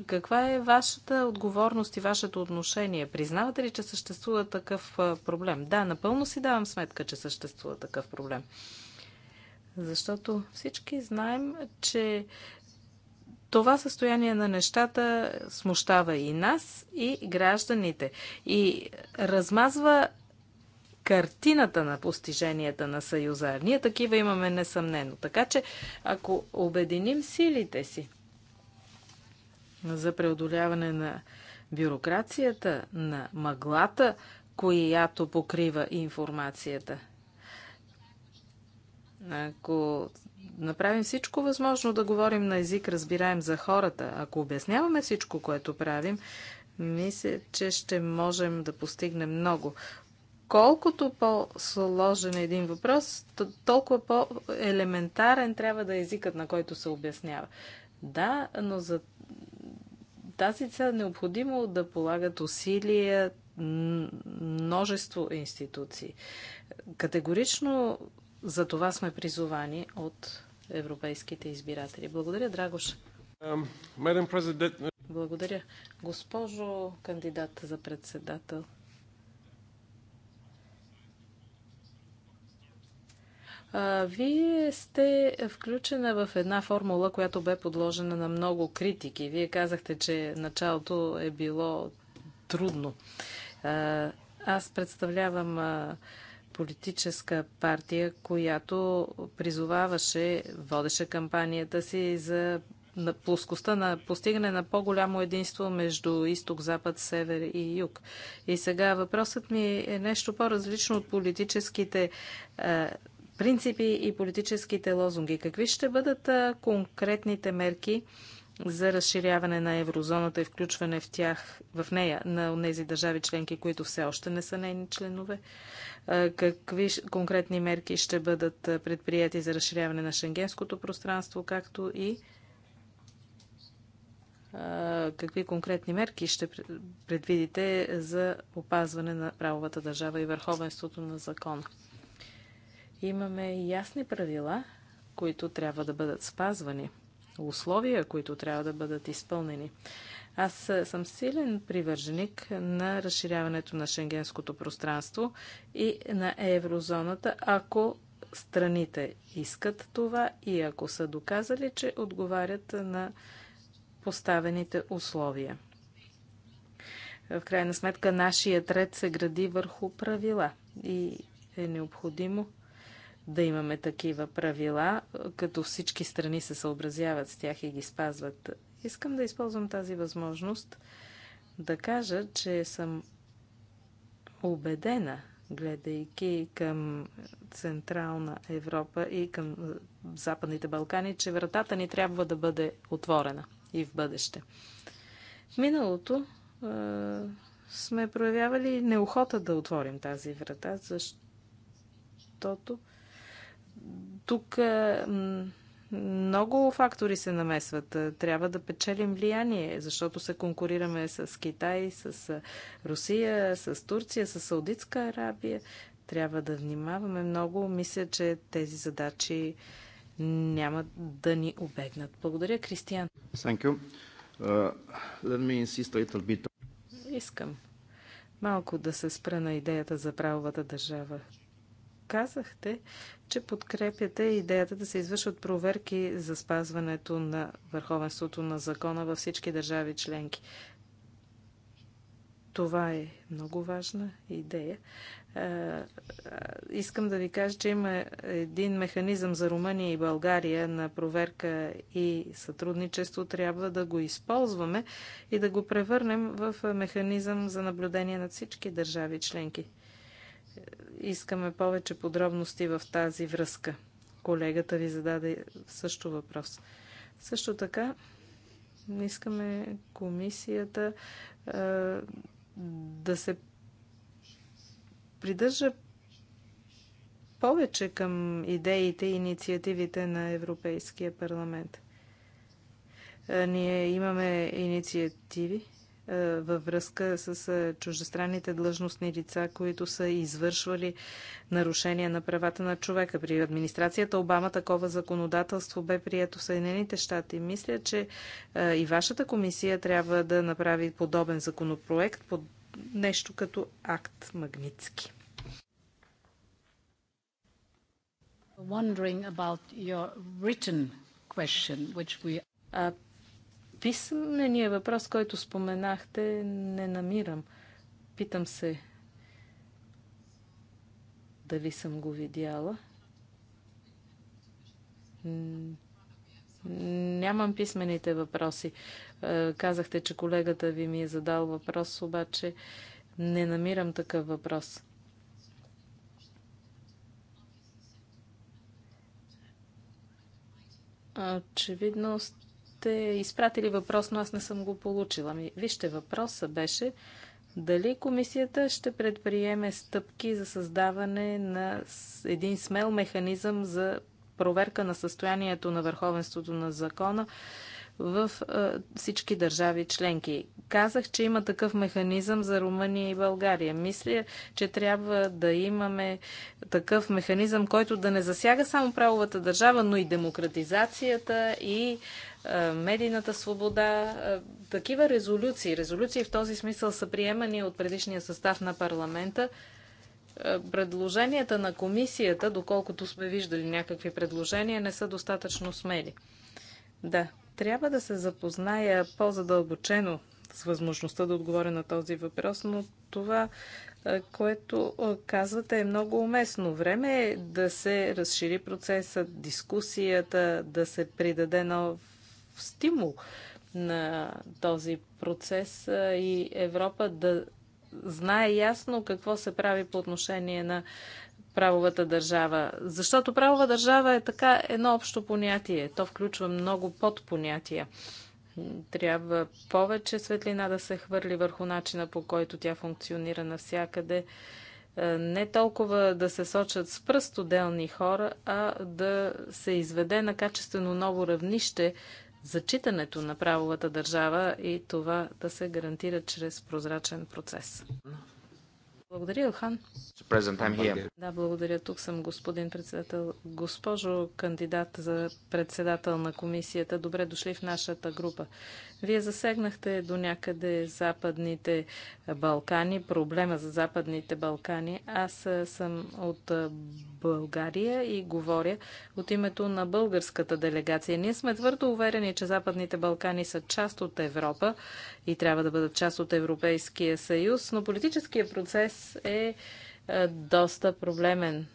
каква е вашата отговорност и вашето отношение? Признавате ли, че съществува такъв проблем? Да, напълно си давам сметка, че съществува такъв проблем. Защото всички знаем, че това състояние на нещата смущава и нас, и гражданите. И размазва картината на постиженията на Съюза. Ние такива имаме несъмнено. Така че, ако обединим силите си, за преодоляване на бюрокрацията, на мъглата, която покрива информацията. Ако направим всичко възможно да говорим на език, разбираем за хората, ако обясняваме всичко, което правим, мисля, че ще можем да постигнем много. Колкото по-сложен е един въпрос, толкова по-елементарен трябва да е езикът, на който се обяснява. Да, но за тази цел е необходимо да полагат усилия множество институции. Категорично за това сме призовани от европейските избиратели. Благодаря, Драгош. Um, uh, Благодаря. Госпожо кандидат за председател, Вие сте включена в една формула, която бе подложена на много критики. Вие казахте, че началото е било трудно. Аз представлявам политическа партия, която призоваваше, водеше кампанията си за на плоскостта на постигане на по-голямо единство между изток, запад, север и юг. И сега въпросът ми е нещо по-различно от политическите принципи и политическите лозунги. Какви ще бъдат конкретните мерки за разширяване на еврозоната и включване в тях, в нея, на тези държави членки, които все още не са нейни членове? Какви конкретни мерки ще бъдат предприяти за разширяване на шенгенското пространство, както и какви конкретни мерки ще предвидите за опазване на правовата държава и върховенството на закона? Имаме ясни правила, които трябва да бъдат спазвани, условия, които трябва да бъдат изпълнени. Аз е, съм силен привърженик на разширяването на шенгенското пространство и на еврозоната, ако страните искат това и ако са доказали, че отговарят на поставените условия. В крайна сметка, нашият ред се гради върху правила и е необходимо да имаме такива правила, като всички страни се съобразяват с тях и ги спазват. Искам да използвам тази възможност да кажа, че съм убедена, гледайки към Централна Европа и към Западните Балкани, че вратата ни трябва да бъде отворена и в бъдеще. В миналото е, сме проявявали неохота да отворим тази врата, защото тук е, много фактори се намесват. Е, трябва да печелим влияние, защото се конкурираме с Китай, с е, Русия, с Турция, с Саудитска Арабия. Трябва да внимаваме много. Мисля, че тези задачи няма да ни обегнат. Благодаря, Кристиян. Uh, Искам малко да се спра на идеята за правовата държава казахте, че подкрепяте идеята да се извършват проверки за спазването на върховенството на закона във всички държави членки. Това е много важна идея. Е, е, искам да ви кажа, че има един механизъм за Румъния и България на проверка и сътрудничество. Трябва да го използваме и да го превърнем в механизъм за наблюдение на всички държави членки искаме повече подробности в тази връзка. Колегата ви зададе също въпрос. Също така, искаме комисията а, да се придържа повече към идеите и инициативите на Европейския парламент. А, ние имаме инициативи е, във връзка с е, чуждестранните длъжностни лица, които са извършвали нарушения на правата на човека. При администрацията Обама такова законодателство бе прието в Съединените щати. Мисля, че е, и вашата комисия трябва да направи подобен законопроект под нещо като акт магнитски. Wondering about your written question, which we писмения въпрос, който споменахте, не намирам. Питам се дали съм го видяла. Нямам писмените въпроси. Е, казахте, че колегата ви ми е задал въпрос, обаче не намирам такъв въпрос. Очевидно сте сте изпратили въпрос, но аз не съм го получила. Вижте, въпроса беше дали комисията ще предприеме стъпки за създаване на един смел механизъм за проверка на състоянието на върховенството на закона в е, всички държави членки. Казах, че има такъв механизъм за Румъния и България. Мисля, че трябва да имаме такъв механизъм, който да не засяга само правовата държава, но и демократизацията и е, е, медийната свобода. Е, такива резолюции, резолюции в този смисъл са приемани от предишния състав на парламента. Е, предложенията на комисията, доколкото сме виждали някакви предложения, не са достатъчно смели. Да, трябва да се запозная по-задълбочено с възможността да отговоря на този въпрос, но това, което казвате, е много уместно. Време е да се разшири процесът, дискусията, да се придаде нов стимул на този процес и Европа да знае ясно какво се прави по отношение на правовата държава. Защото правова държава е така едно общо понятие. То включва много подпонятия. Трябва повече светлина да се хвърли върху начина по който тя функционира навсякъде. Не толкова да се сочат с пръст отделни хора, а да се изведе на качествено ново равнище зачитането на правовата държава и това да се гарантира чрез прозрачен процес. Благодаря, Илхан. Да, благодаря. Тук съм господин председател. Госпожо кандидат за председател на комисията, добре дошли в нашата група. Вие засегнахте до някъде Западните Балкани, проблема за Западните Балкани. Аз съм от България и говоря от името на българската делегация. Ние сме твърдо уверени, че Западните Балкани са част от Европа и трябва да бъдат част от Европейския съюз, но политическия процес е, е доста проблемен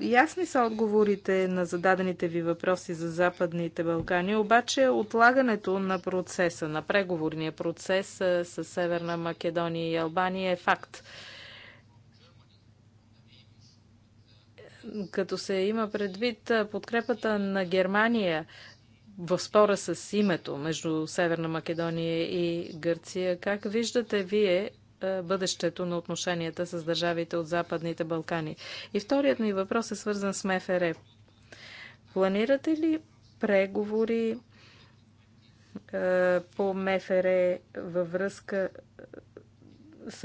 Ясни са отговорите на зададените ви въпроси за Западните Балкани, обаче отлагането на процеса, на преговорния процес с Северна Македония и Албания е факт. Като се има предвид подкрепата на Германия в спора с името между Северна Македония и Гърция, как виждате вие е, бъдещето на отношенията с държавите от Западните Балкани. И вторият ми въпрос е свързан с МФР. Планирате ли преговори е, по МФР във връзка е, с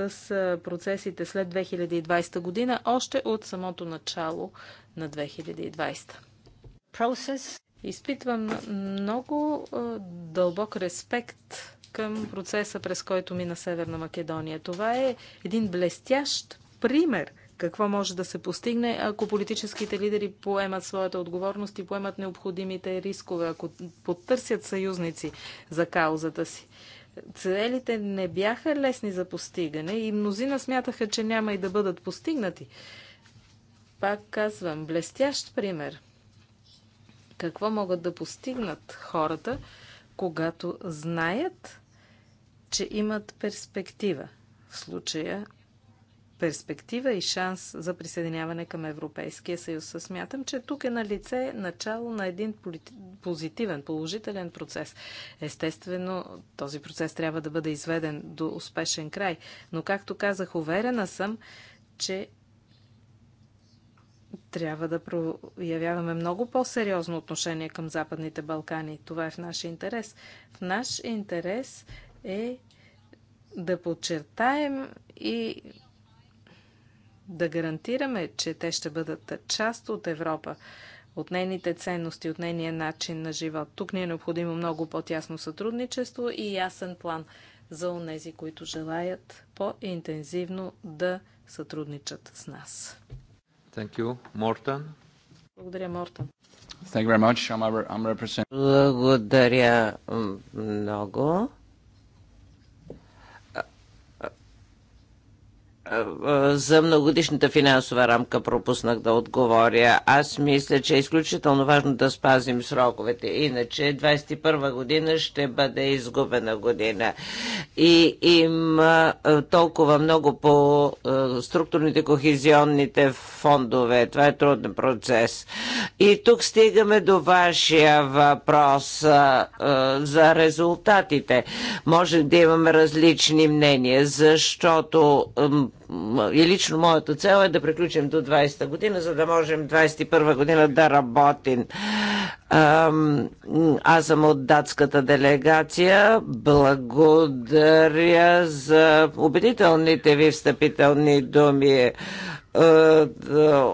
процесите след 2020 година, още от самото начало на 2020. Процес. Изпитвам много дълбок респект към процеса, през който мина Северна Македония. Това е един блестящ пример какво може да се постигне, ако политическите лидери поемат своята отговорност и поемат необходимите рискове, ако потърсят съюзници за каузата си. Целите не бяха лесни за постигане и мнозина смятаха, че няма и да бъдат постигнати. Пак казвам, блестящ пример. Какво могат да постигнат хората, когато знаят, че имат перспектива. В случая перспектива и шанс за присъединяване към Европейския съюз. Смятам, че тук е на лице начало на един позитивен, положителен процес. Естествено, този процес трябва да бъде изведен до успешен край, но както казах, уверена съм, че трябва да проявяваме много по-сериозно отношение към Западните Балкани. Това е в наш интерес. В наш интерес е да подчертаем и да гарантираме, че те ще бъдат част от Европа, от нейните ценности, от нейния начин на живот. Тук ни е необходимо много по-тясно сътрудничество и ясен план за онези, които желаят по-интензивно да сътрудничат с нас. Thank you. Мортан? Благодаря, Мортан. Благодаря много. Е, е, за многодишната финансова рамка пропуснах да отговоря. Аз мисля, че е изключително важно да спазим сроковете. Иначе 21 година ще бъде изгубена година. И има е, толкова много по структурните кохезионните фондове. Това е труден процес. И тук стигаме до вашия въпрос за резултатите. Може да имаме различни мнения, защото и лично моята цел е да приключим до 20-та година, за да можем 21-та година да работим. Аз съм от датската делегация. Благодаря за убедителните ви встъпителни думи. Е,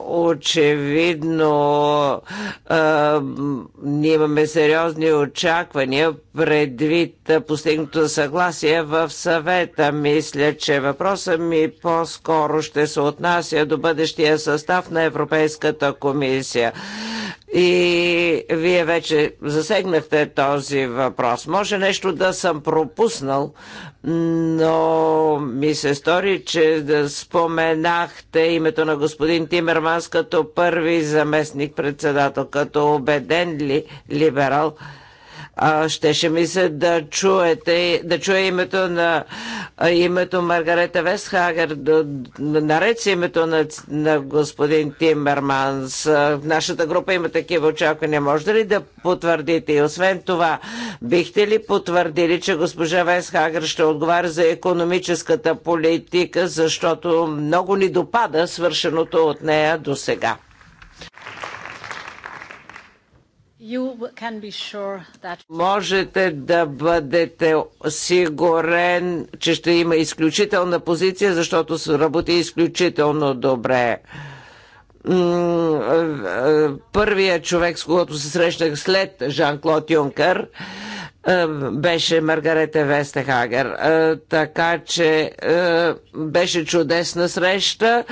очевидно ние имаме сериозни очаквания предвид постигнато съгласие в съвета. Мисля, че въпросът ми по-скоро ще се отнася до бъдещия състав на Европейската комисия. И вие вече засегнахте този въпрос. Може нещо да съм пропуснал, но ми се стори, че да споменахте името на господин Тимерманс като първи заместник председател, като убеден ли либерал. А, щеше ми се да чуете, да чуя името на името Маргарета Вестхагер, да, наред с името на, на господин Тимберманс. В нашата група има такива очаквания. Може ли да потвърдите? И освен това, бихте ли потвърдили, че госпожа Вестхагер ще отговаря за економическата политика, защото много ни допада свършеното от нея до сега? Можете да бъдете сигурен, че ще има изключителна позиция, защото работи изключително добре е, е, Първият човек, с когото се срещнах след Жан-Клод Юнкър, е, беше Маргарете Вестехагер. Е, така че е, беше чудесна среща.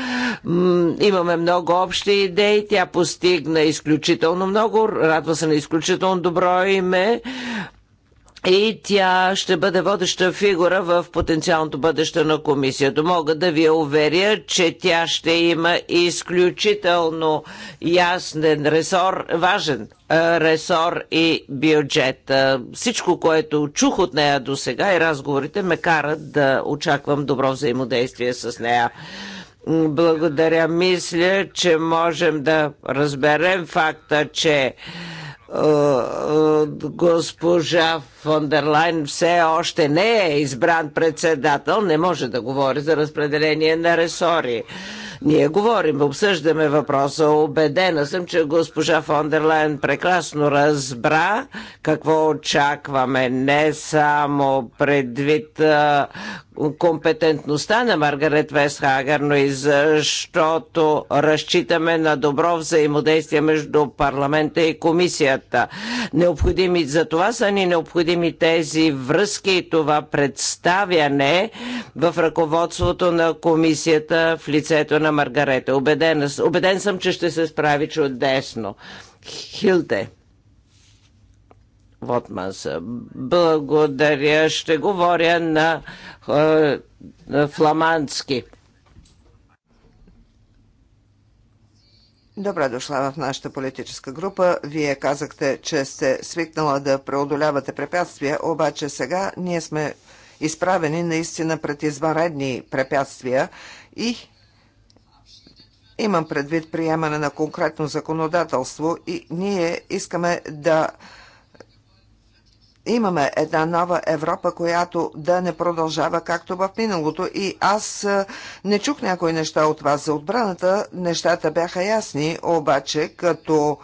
Имаме много общи идеи. Тя постигна изключително много. Радва се на изключително добро име и тя ще бъде водеща фигура в потенциалното бъдеще на комисията. Мога да ви уверя, че тя ще има изключително ясен ресор, важен ресор и бюджет. Всичко, което чух от нея до сега и разговорите ме карат да очаквам добро взаимодействие с нея. Благодаря. Мисля, че можем да разберем факта, че е, е, госпожа Фондерлайн все още не е избран председател, не може да говори за разпределение на ресори. Ние говорим, обсъждаме въпроса. Обедена съм, че госпожа Фондерлайн прекрасно разбра какво очакваме, не само предвид е, компетентността на Маргарет Вестхагер, но и защото разчитаме на добро взаимодействие между парламента и комисията. Необходими, за това са ни необходими тези връзки и това представяне в ръководството на комисията в лицето на Маргарета. Убеден, убеден съм, че ще се справи чудесно. Хилде. Вотманс. Благодаря. Ще говоря на, е, на фламандски. Добре дошла в нашата политическа група. Вие казахте, че сте свикнала да преодолявате препятствия, обаче сега ние сме изправени наистина пред изваредни препятствия и имам предвид приемане на конкретно законодателство и ние искаме да имаме една нова Европа, която да не продължава както в миналото. И аз е, не чух някои неща от вас за отбраната. Нещата бяха ясни, обаче като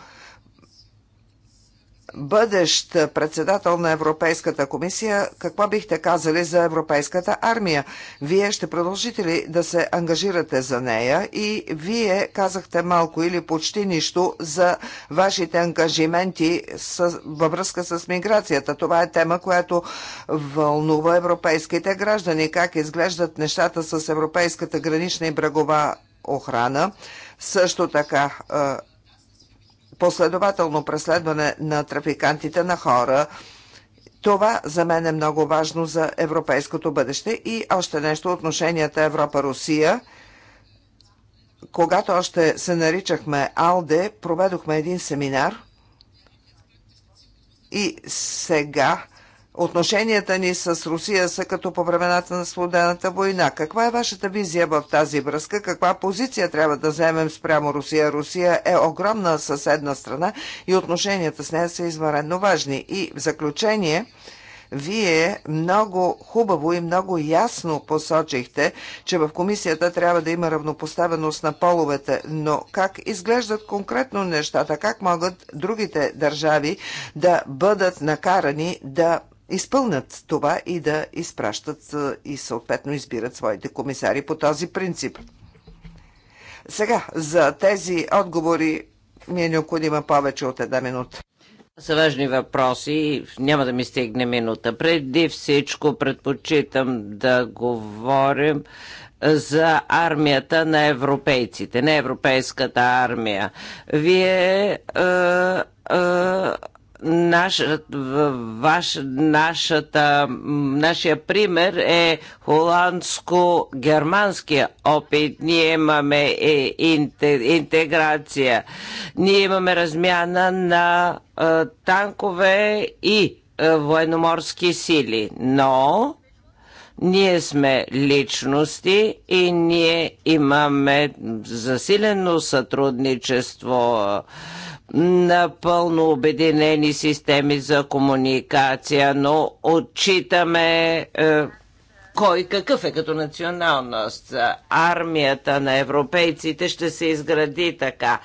бъдещ председател на Европейската комисия, какво бихте казали за Европейската армия? Вие ще продължите ли да се ангажирате за нея и вие казахте малко или почти нищо за вашите ангажименти с, във връзка с миграцията. Това е тема, която вълнува европейските граждани. Как изглеждат нещата с Европейската гранична и брагова охрана? Също така последователно преследване на трафикантите на хора. Това за мен е много важно за европейското бъдеще. И още нещо, отношенията Европа-Русия. Когато още се наричахме АЛДЕ, проведохме един семинар и сега Отношенията ни с Русия са като по времената на Слодената война. Каква е вашата визия в тази връзка? Каква позиция трябва да вземем спрямо Русия? Русия е огромна съседна страна и отношенията с нея са извънредно важни. И в заключение, вие много хубаво и много ясно посочихте, че в комисията трябва да има равнопоставеност на половете, но как изглеждат конкретно нещата? Как могат другите държави да бъдат накарани да изпълнят това и да изпращат и съответно избират своите комисари по този принцип. Сега, за тези отговори ми е необходима повече от една минута са важни въпроси, няма да ми стигне минута. Преди всичко предпочитам да говорим за армията на европейците, на европейската армия. Вие е, е, Наша, ваш, нашата, нашия пример е холандско-германския опит. Ние имаме е, интеграция. Ние имаме размяна на е, танкове и е, военноморски сили. Но ние сме личности и ние имаме засилено сътрудничество напълно обединени системи за комуникация, но отчитаме е, кой какъв е като националност. Армията на европейците ще се изгради така.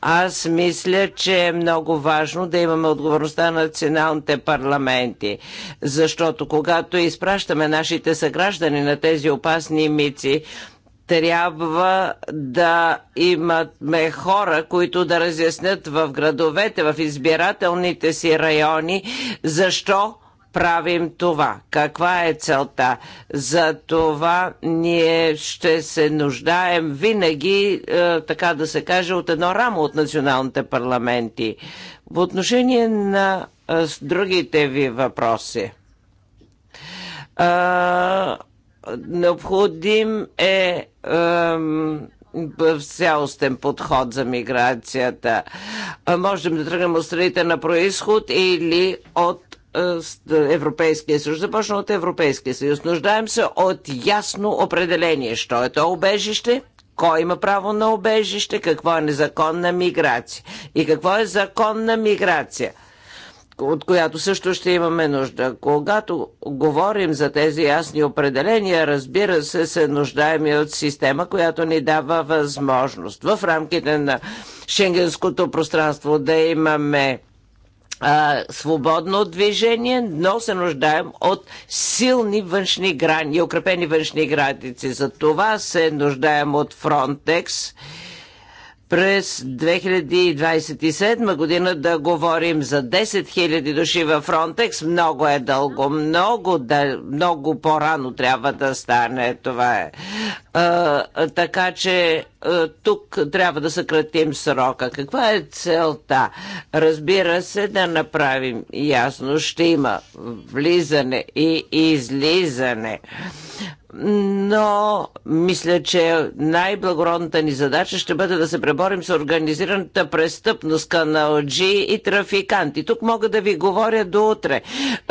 Аз мисля, че е много важно да имаме отговорността на националните парламенти, защото когато изпращаме нашите съграждани на тези опасни мици, трябва да имаме хора, които да разяснят в градовете, в избирателните си райони, защо правим това? Каква е целта? За това ние ще се нуждаем винаги, е, така да се каже, от едно рамо от националните парламенти. В отношение на е, другите ви въпроси. Е, Необходим е, всяостен цялостен подход за миграцията. Можем да тръгнем от страните на происход или от е, Европейския съюз. Започна от Европейския съюз. Нуждаем се от ясно определение, що е то обежище, кой има право на обежище, какво е незаконна миграция и какво е законна миграция – от която също ще имаме нужда. Когато говорим за тези ясни определения, разбира се, се нуждаем и от система, която ни дава възможност в рамките на шенгенското пространство да имаме а, свободно движение, но се нуждаем от силни външни грани, укрепени външни граници. За това се нуждаем от Фронтекс. Frontex през 2027 година да говорим за 10 000 души във Фронтекс. Много е дълго, много, да, много по-рано трябва да стане. Това е. А, така че а, тук трябва да съкратим срока. Каква е целта? Разбира се, да направим ясно, ще има влизане и излизане но мисля, че най-благородната ни задача ще бъде да се преборим с организираната престъпност, каналджи и трафиканти. Тук мога да ви говоря до утре,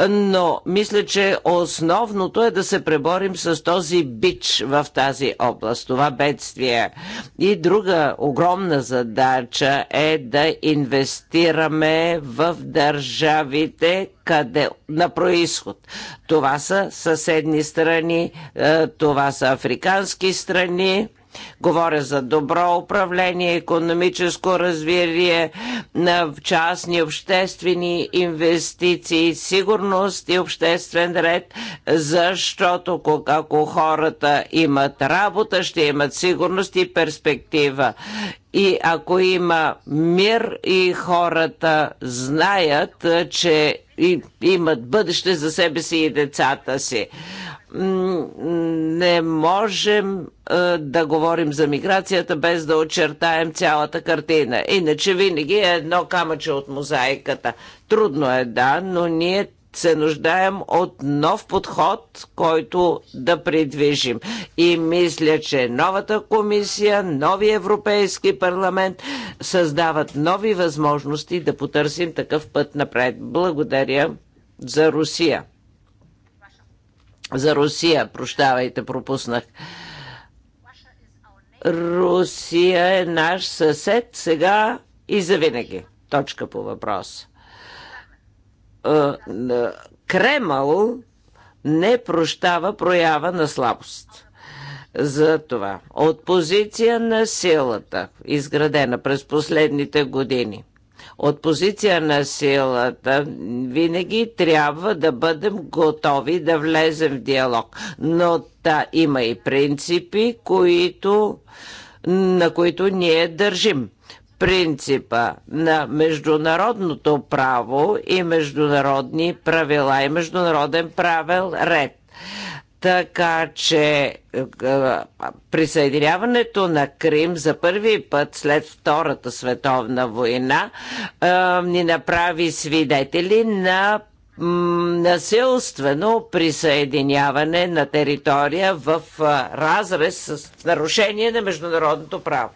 но мисля, че основното е да се преборим с този бич в тази област, това бедствие. И друга огромна задача е да инвестираме в държавите, къде на происход. Това са съседни страни, е, това са африкански страни. Говоря за добро управление, економическо развитие, на частни обществени инвестиции, сигурност и обществен ред, защото ако хората имат работа, ще имат сигурност и перспектива. И ако има мир и хората знаят, че имат бъдеще за себе си и децата си не можем е, да говорим за миграцията без да очертаем цялата картина. Иначе винаги е едно камъче от мозайката. Трудно е, да, но ние се нуждаем от нов подход, който да придвижим. И мисля, че новата комисия, нови Европейски парламент създават нови възможности да потърсим такъв път напред. Благодаря за Русия за Русия, прощавайте, пропуснах. Русия е наш съсед сега и завинаги. Точка по въпрос. Е, е, Кремъл не прощава проява на слабост. За това от позиция на силата, изградена през последните години – от позиция на силата винаги трябва да бъдем готови да влезем в диалог. Но та има и принципи, които, на които ние държим принципа на международното право и международни правила и международен правил ред. Така че е, е, присъединяването на Крим за първи път след Втората световна война е, ни направи свидетели на насилствено присъединяване на територия в разрез с нарушение на международното право.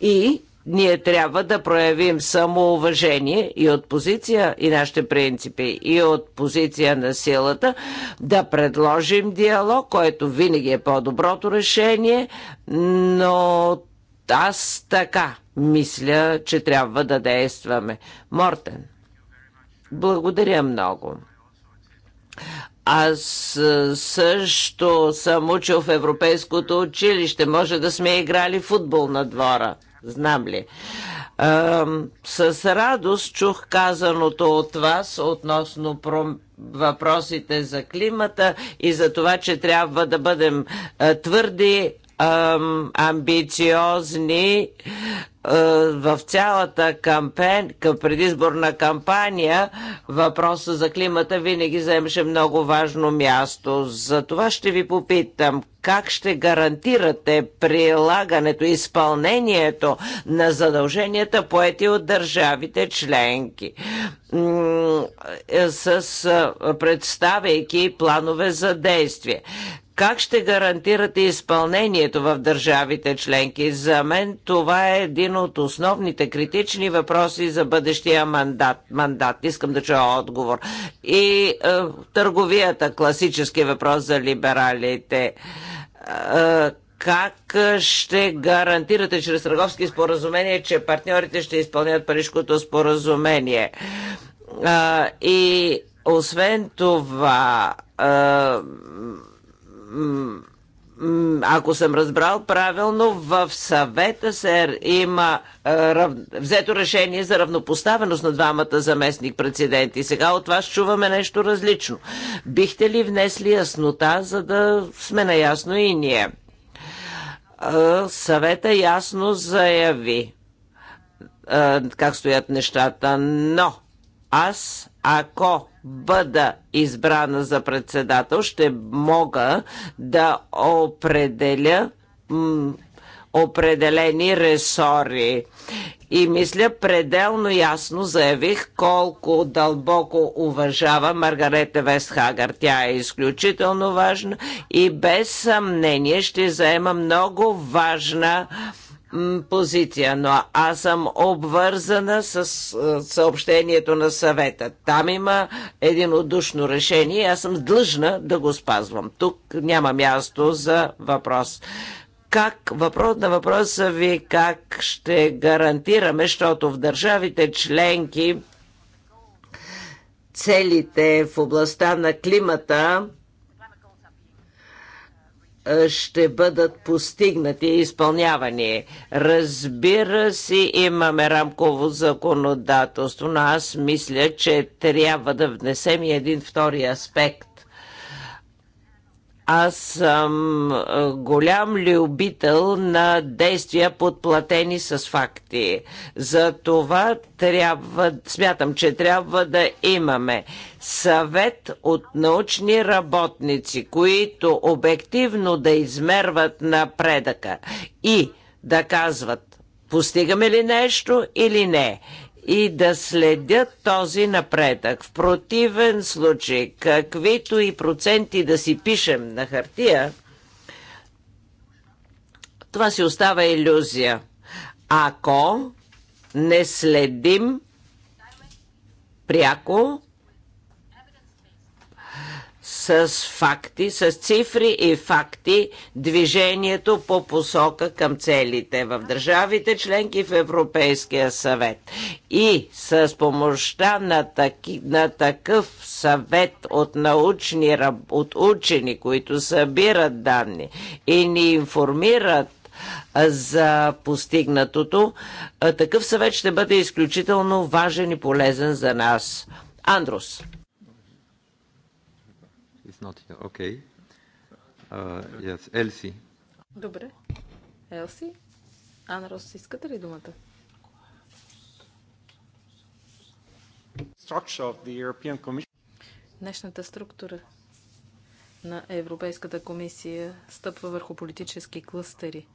И ние трябва да проявим самоуважение и от позиция и нашите принципи, и от позиция на силата, да предложим диалог, който винаги е по-доброто решение, но аз така мисля, че трябва да действаме. Мортен, благодаря много. Аз също съм учил в Европейското училище. Може да сме играли футбол на двора. Знам ли? С радост чух казаното от вас относно въпросите за климата и за това, че трябва да бъдем твърди, амбициозни е, в цялата кампен, предизборна кампания въпроса за климата винаги заемаше много важно място. За това ще ви попитам как ще гарантирате прилагането, изпълнението на задълженията поети от държавите членки. Е, с представяйки планове за действие. Как ще гарантирате изпълнението в държавите членки? За мен това е един от основните критични въпроси за бъдещия мандат. мандат. Искам да чуя отговор. И е, търговията, класически въпрос за либералите. Е, как ще гарантирате чрез търговски споразумения, че партньорите ще изпълнят Парижското споразумение? А, и освен това, а, ако съм разбрал правилно, в съвета се има рав... взето решение за равнопоставеност на двамата заместник президенти. Сега от вас чуваме нещо различно. Бихте ли внесли яснота, за да сме наясно и ние? съвета ясно заяви как стоят нещата, но аз, ако бъда избрана за председател, ще мога да определя определени ресори и мисля пределно ясно заявих колко дълбоко уважава Маргарета Вестхагър. Тя е изключително важна и без съмнение ще заема много важна позиция, но аз съм обвързана с съобщението на съвета. Там има единодушно решение и аз съм длъжна да го спазвам. Тук няма място за въпрос как въпрос на въпроса ви как ще гарантираме, защото в държавите членки целите в областта на климата ще бъдат постигнати и изпълнявани. Разбира се, имаме рамково законодателство, но аз мисля, че трябва да внесем и един втори аспект аз съм голям любител на действия подплатени с факти. За това трябва, смятам, че трябва да имаме съвет от научни работници, които обективно да измерват напредъка и да казват постигаме ли нещо или не и да следят този напредък. В противен случай, каквито и проценти да си пишем на хартия, това си остава иллюзия. Ако не следим пряко с факти, с цифри и факти движението по посока към целите в държавите членки в Европейския съвет. И с помощта на, таки, на такъв съвет от научни от учени, които събират данни и ни информират за постигнатото, такъв съвет ще бъде изключително важен и полезен за нас. Андрус not here. Okay. Uh, yes, Elsie. Добре. Елси? Ана Рос, искате ли думата? Днешната структура на Европейската комисия стъпва върху политически клъстери.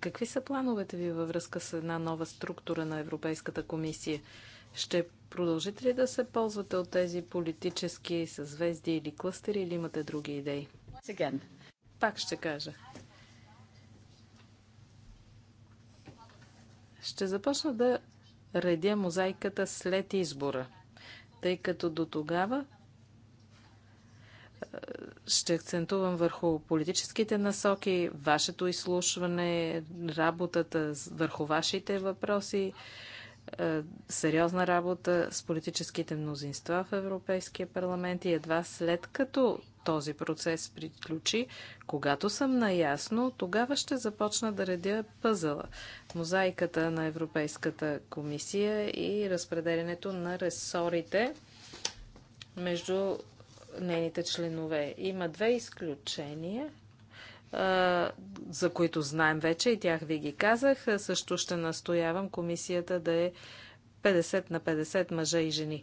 Какви са плановете ви във връзка с една нова структура на Европейската комисия? Ще продължите ли да се ползвате от тези политически съзвезди или клъстери или имате други идеи? Пак ще кажа. Ще започна да редя мозайката след избора, тъй като до тогава е, ще акцентувам върху политическите насоки, вашето изслушване, работата върху вашите въпроси, е, сериозна работа с политическите мнозинства в Европейския парламент и едва след като този процес приключи, когато съм наясно, тогава ще започна да редя пъзела, мозайката на Европейската комисия и разпределенето на ресорите между нейните членове. Има две изключения – за които знаем вече и тях ви ги казах. Също ще настоявам комисията да е 50 на 50 мъжа и жени.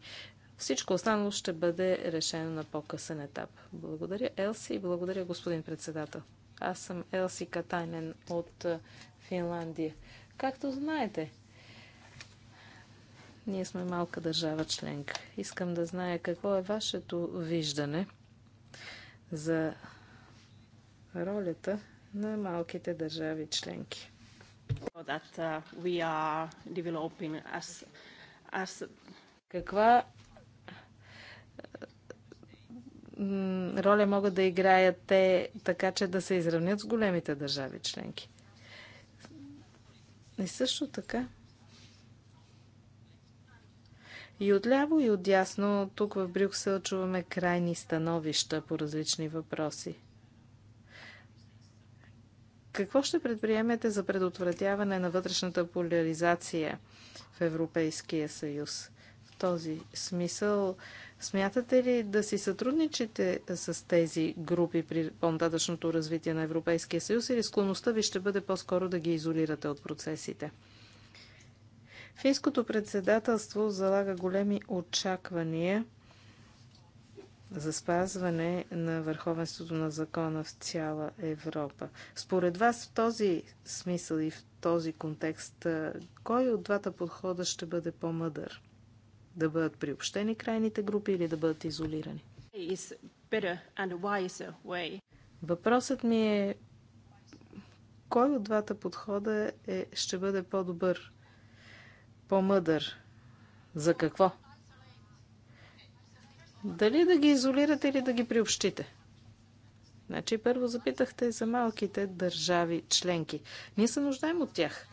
Всичко останало ще бъде решено на по-късен етап. Благодаря, Елси, и благодаря, господин председател. Аз съм Елси Катайнен от Финландия. Както знаете, ние сме малка държава членка. Искам да зная какво е вашето виждане за ролята на малките държави членки. Uh, as, as... Каква роля могат да играят те, така че да се изравнят с големите държави членки? И също така. И отляво, и отдясно, тук в Брюксел чуваме крайни становища по различни въпроси. Какво ще предприемете за предотвратяване на вътрешната поляризация в Европейския съюз? В този смисъл, смятате ли да си сътрудничите с тези групи при по-нататъчното развитие на Европейския съюз или склонността ви ще бъде по-скоро да ги изолирате от процесите? Финското председателство залага големи очаквания – за спазване на върховенството на закона в цяла Европа. Според вас в този смисъл и в този контекст, кой от двата подхода ще бъде по-мъдър? Да бъдат приобщени крайните групи или да бъдат изолирани? Въпросът ми е кой от двата подхода е, ще бъде по-добър, по-мъдър? За какво? Дали да ги изолирате или да ги приобщите? Значи първо запитахте за малките държави членки. Ние се нуждаем от тях.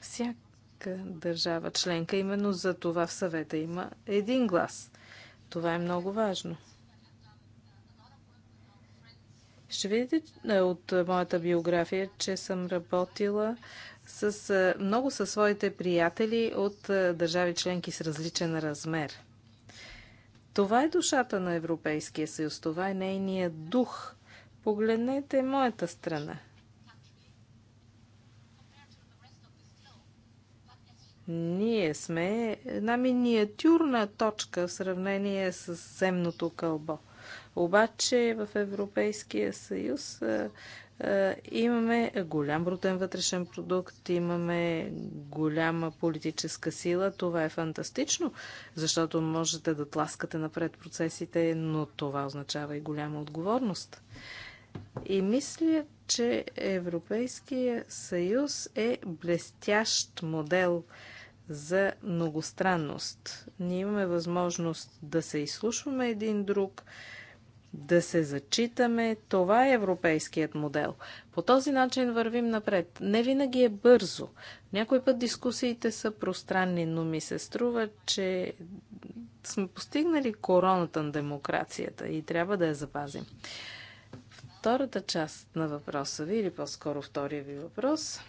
Всяка държава членка, именно за това в съвета има един глас. Това е много важно. Ще видите е, от моята биография, че съм работила с, е, много със своите приятели от е, държави членки с различен размер. Това е душата на Европейския съюз, това е нейният дух. Погледнете моята страна. Ние сме една миниатюрна точка в сравнение с земното кълбо. Обаче в Европейския съюз е, имаме голям брутен вътрешен продукт, имаме голяма политическа сила. Това е фантастично, защото можете да тласкате напред процесите, но това означава и голяма отговорност. И мисля, че Европейския съюз е блестящ модел за многостранност. Ние имаме възможност да се изслушваме един друг, да се зачитаме. Това е европейският модел. По този начин вървим напред. Не винаги е бързо. Някой път дискусиите са пространни, но ми се струва, че сме постигнали короната на демокрацията и трябва да я запазим. Втората част на въпроса ви, или по-скоро втория ви въпрос,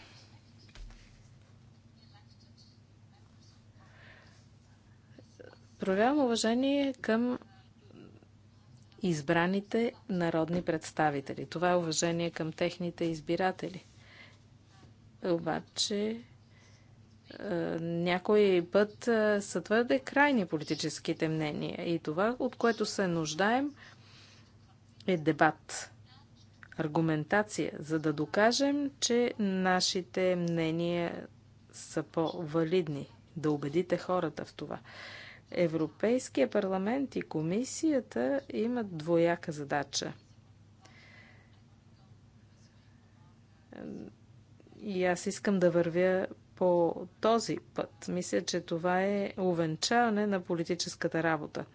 проявявам уважение към избраните народни представители. Това е уважение към техните избиратели. Обаче е, някой път е, са твърде крайни политическите мнения и това, от което се нуждаем, е дебат, аргументация, за да докажем, че нашите мнения са по-валидни, да убедите хората в това. Европейския парламент и комисията имат двояка задача. И аз искам да вървя по този път. Мисля, че това е увенчаване на политическата работа,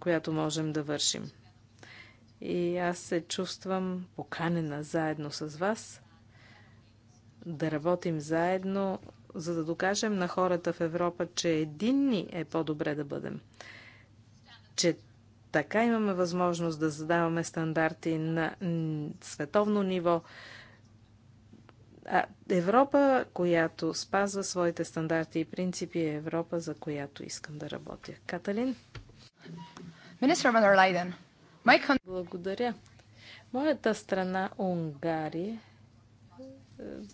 която можем да вършим. И аз се чувствам поканена заедно с вас да работим заедно за да докажем на хората в Европа, че единни е по-добре да бъдем. Че така имаме възможност да задаваме стандарти на световно ниво. А Европа, която спазва своите стандарти и принципи, е Европа, за която искам да работя. Каталин? Министър Ван Лайден. Благодаря. Моята страна Унгария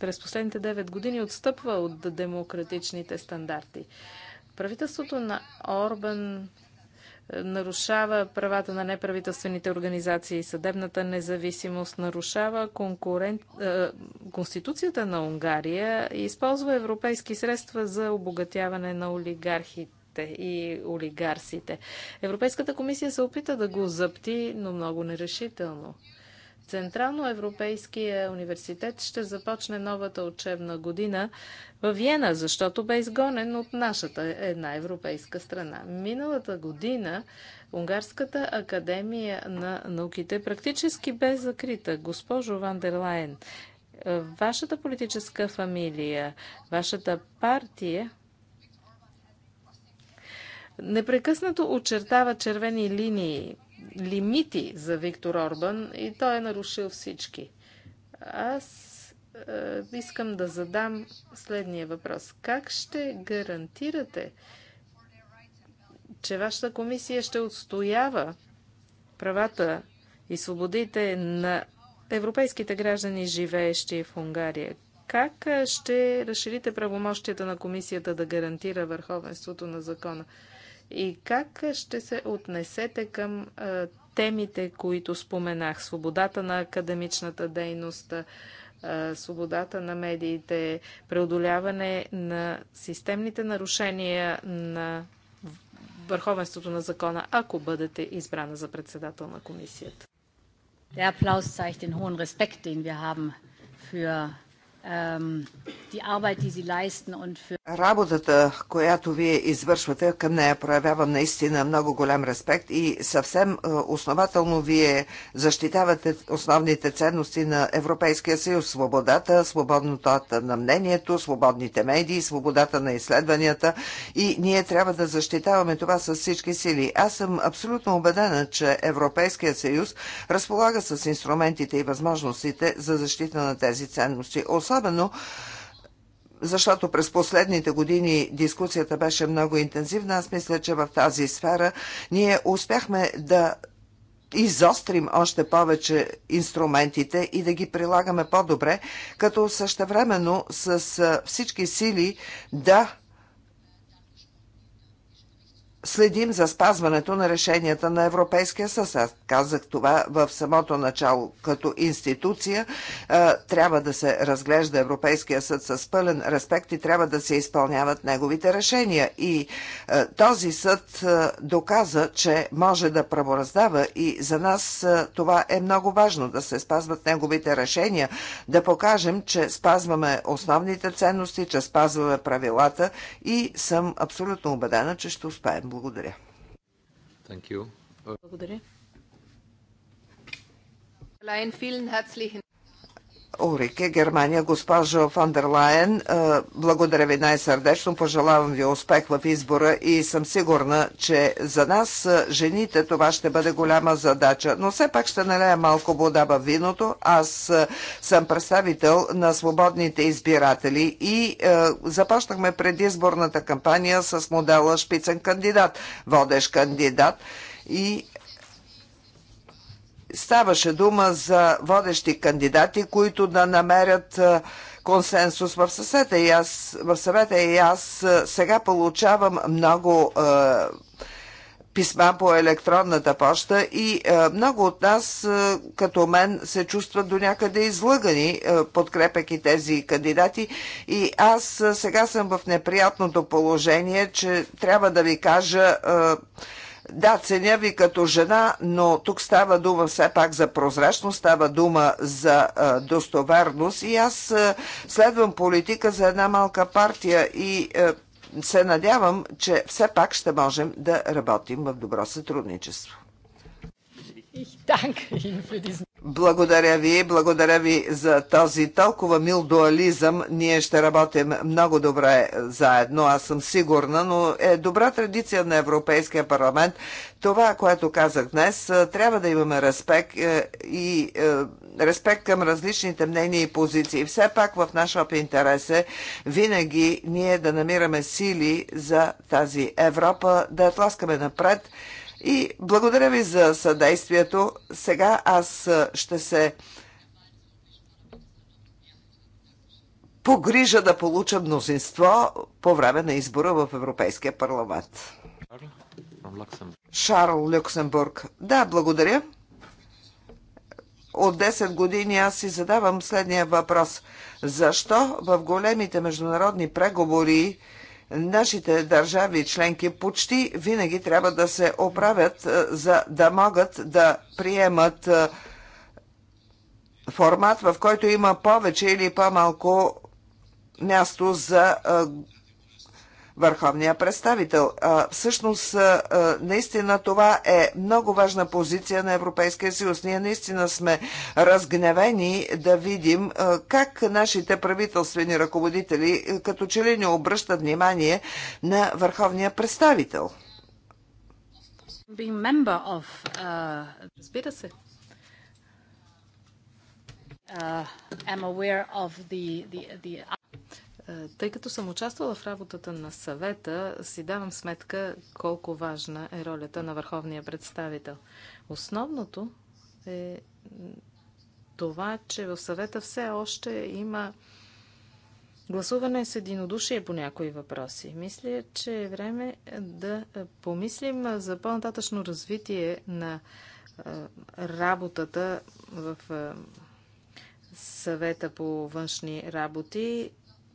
през последните 9 години отстъпва от демократичните стандарти. Правителството на Орбан е, нарушава правата на неправителствените организации, съдебната независимост, нарушава конкурент... Е, Конституцията на Унгария и използва европейски средства за обогатяване на олигархите и олигарсите. Европейската комисия се опита да го запти, но много нерешително. Централно Европейския университет ще започне новата учебна година в Виена, защото бе изгонен от нашата една европейска страна. Миналата година Унгарската академия на науките практически бе закрита. Госпожо Вандерлайн, вашата политическа фамилия, вашата партия непрекъснато очертава червени линии лимити за Виктор Орбан и той е нарушил всички. Аз е, искам да задам следния въпрос. Как ще гарантирате, че вашата комисия ще отстоява правата и свободите на европейските граждани, живеещи в Унгария? Как е, ще разширите правомощията на комисията да гарантира върховенството на закона? и как ще се отнесете към темите, които споменах? Свободата на академичната дейност, свободата на медиите, преодоляване на системните нарушения на върховенството на закона, ако бъдете избрана за председател на комисията. Der Applaus zeigt den hohen Respekt, den wir haben für Работата, която вие извършвате, към нея проявявам наистина много голям респект и съвсем основателно вие защитавате основните ценности на Европейския съюз. Свободата, свободната на мнението, свободните медии, свободата на изследванията и ние трябва да защитаваме това с всички сили. Аз съм абсолютно убедена, че Европейския съюз разполага с инструментите и възможностите за защита на тези ценности. Особено особено защото през последните години дискусията беше много интензивна. Аз мисля, че в тази сфера ние успяхме да изострим още повече инструментите и да ги прилагаме по-добре, като същевременно с всички сили да следим за спазването на решенията на Европейския съд. Аз казах това в самото начало. Като институция трябва да се разглежда Европейския съд с пълен респект и трябва да се изпълняват неговите решения. И този съд доказа, че може да правораздава и за нас това е много важно, да се спазват неговите решения, да покажем, че спазваме основните ценности, че спазваме правилата и съм абсолютно убедена, че ще успеем. Благодаря. Благодаря. Урике, Германия. Госпожо фон дер Лайен, е, благодаря ви най-сърдечно, пожелавам ви успех в избора и съм сигурна, че за нас, е, жените, това ще бъде голяма задача. Но все пак ще налея малко вода в виното. Аз е, съм представител на свободните избиратели и започнахме предизборната кампания с модела шпицен кандидат, водещ кандидат и Ставаше дума за водещи кандидати, които да намерят консенсус в съвета. И аз, в съвета и аз сега получавам много е, писма по електронната поща и е, много от нас, е, като мен, се чувстват до някъде излъгани, е, подкрепяки тези кандидати. И аз е, сега съм в неприятното положение, че трябва да ви кажа. Е, да, ценя ви като жена, но тук става дума все пак за прозрачност, става дума за а, достоверност и аз а, следвам политика за една малка партия и а, се надявам, че все пак ще можем да работим в добро сътрудничество. Благодаря ви, благодаря ви за този толкова мил дуализъм. Ние ще работим много добре заедно, аз съм сигурна, но е добра традиция на Европейския парламент. Това, което казах днес, е, трябва да имаме респект е, и е, респект към различните мнения и позиции. Все пак в наш интерес е винаги ние да намираме сили за тази Европа, да я тласкаме напред и благодаря ви за съдействието. Сега аз ще се погрижа да получа мнозинство по време на избора в Европейския парламент. Шарл Люксембург. Да, благодаря. От 10 години аз си задавам следния въпрос. Защо в големите международни преговори нашите държави членки почти винаги трябва да се оправят, е, за да могат да приемат е, формат, в който има повече или по-малко място за е, върховния представител. А, всъщност, а, наистина това е много важна позиция на Европейския съюз. Ние наистина сме разгневени да видим а, как нашите правителствени ръководители като че ли не обръщат внимание на върховния представител. uh, am aware of the, the, the... Е, тъй като съм участвала в работата на съвета, си давам сметка колко важна е ролята на върховния представител. Основното е това, че в съвета все още има гласуване с единодушие по някои въпроси. Мисля, че е време да помислим за по-нататъчно развитие на е, работата в е, съвета по външни работи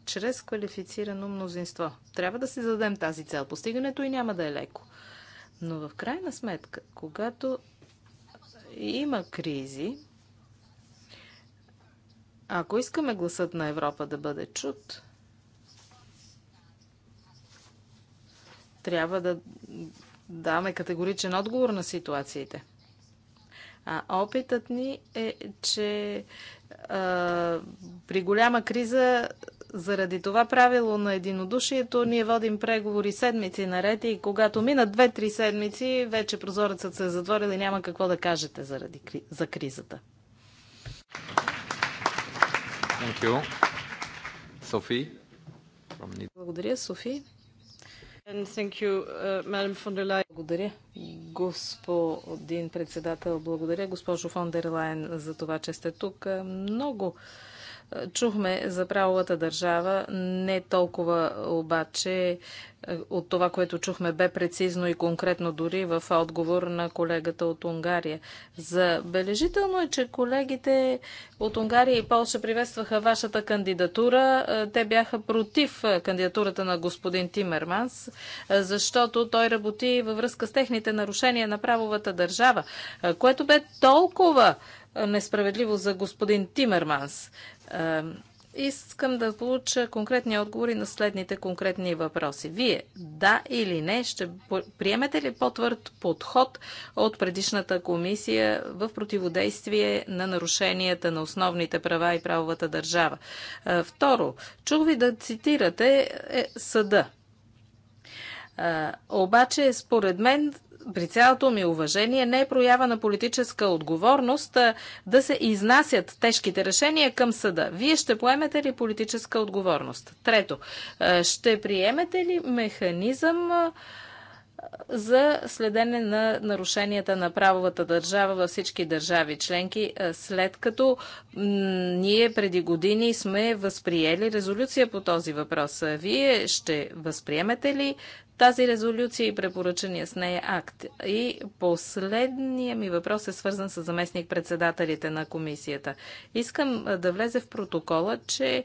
чрез квалифицирано мнозинство. Трябва да си зададем тази цел. Постигането и няма да е леко. Но в крайна сметка, когато има кризи, ако искаме гласът на Европа да бъде чут, трябва да даваме категоричен отговор на ситуациите. А опитът ни е, че а, при голяма криза заради това правило на единодушието ние водим преговори седмици наред и когато минат две-три седмици, вече прозорецът се е затворил и няма какво да кажете заради, за кризата. Софи. Благодаря, Софи. You, uh, благодаря, господин председател. Благодаря, госпожо фон дер Лайен, за това, че сте тук. Много Чухме за правовата държава, не толкова обаче е, от това, което чухме, бе прецизно и конкретно дори в отговор на колегата от Унгария. Забележително е, че колегите от Унгария и Полша приветстваха вашата кандидатура. Е, те бяха против е, кандидатурата на господин Тимерманс, защото той работи във връзка с техните нарушения на правовата държава, което бе толкова несправедливо за господин Тимерманс. Искам да получа конкретни отговори на следните конкретни въпроси. Вие, да или не, ще приемете ли по-твърд подход от предишната комисия в противодействие на нарушенията на основните права и правовата държава? Второ, чух ви да цитирате е, съда обаче, според мен, при цялото ми уважение, не е проява на политическа отговорност да се изнасят тежките решения към съда. Вие ще поемете ли политическа отговорност? Трето, ще приемете ли механизъм за следене на нарушенията на правовата държава във всички държави членки, след като ние преди години сме възприели резолюция по този въпрос. Вие ще възприемете ли тази резолюция и препоръчения с нея акт. И последният ми въпрос е свързан с заместник-председателите на комисията. Искам да влезе в протокола, че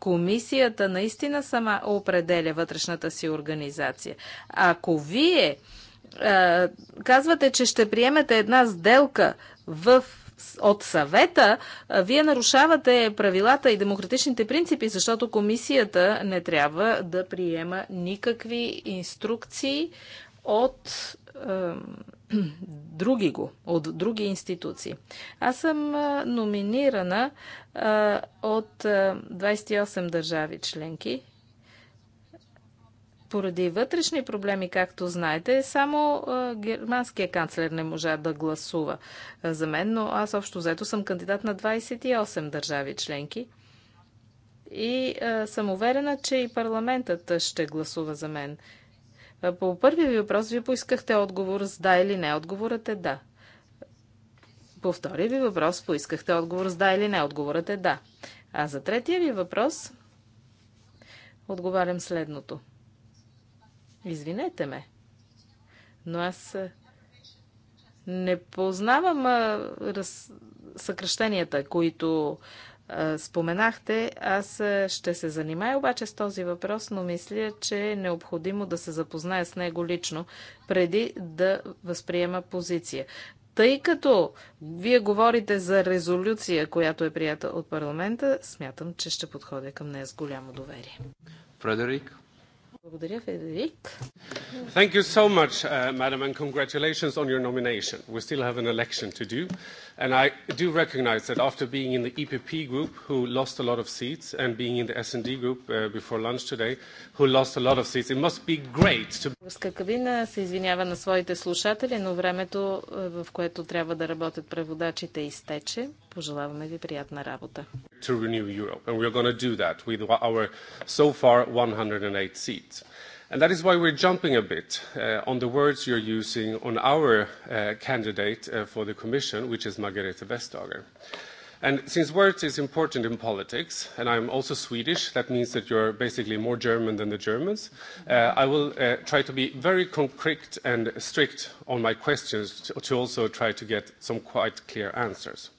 комисията наистина сама определя вътрешната си организация. Ако вие казвате, че ще приемете една сделка в от съвета, вие нарушавате правилата и демократичните принципи, защото комисията не трябва да приема никакви инструкции от е, (clears throat) други го, от други институции. Аз съм номинирана е, от 28 държави членки поради вътрешни проблеми, както знаете, само германския канцлер не можа да гласува за мен, но аз общо взето съм кандидат на 28 държави членки. И съм уверена, че и парламентът ще гласува за мен. По първия ви въпрос, вие поискахте отговор с да или не. Отговорът е да. По втория ви въпрос, поискахте отговор с да или не. Отговорът е да. А за третия ви въпрос, отговарям следното – Извинете ме, но аз не познавам раз... съкръщенията, които а, споменахте. Аз ще се занимая обаче с този въпрос, но мисля, че е необходимо да се запозная с него лично, преди да възприема позиция. Тъй като вие говорите за резолюция, която е прията от парламента, смятам, че ще подходя към нея с голямо доверие. Фредерик? Благодаря, Федерик. Thank you so much, uh, madam, and congratulations on your nomination. We still have an election to do. And I do recognize that after being in the EPP group, who lost a lot of seats, and being in the S&D group uh, before lunch today, who lost a lot of seats, it must be great to... Руска кабина се извинява на своите слушатели, но времето, в което трябва да работят преводачите, изтече. Пожелаваме ви приятна работа. To renew Europe, and we are going to do that with our so far 108 seats. And that is why we're jumping a bit uh, on the words you're using on our uh, candidate uh, for the Commission, which is Margarete Vestager. And since words is important in politics, and I'm also Swedish, that means that you're basically more German than the Germans, uh, I will uh, try to be very concrete and strict on my questions to, to also try to get some quite clear answers.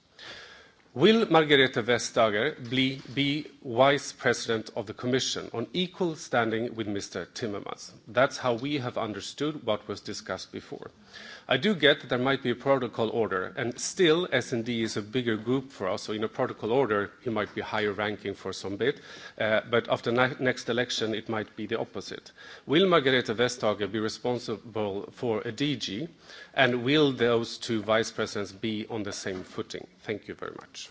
Will Margrethe Vestager be Vice President of the Commission on equal standing with Mr. Timmermans? That's how we have understood what was discussed before. I do get that there might be a protocol order, and still SND is a bigger group for us, so in a protocol order, he might be higher ranking for some bit, but after next election, it might be the opposite. Will Margrethe Vestager be responsible for a DG, and will those two vice presidents be on the same footing? Thank you very much.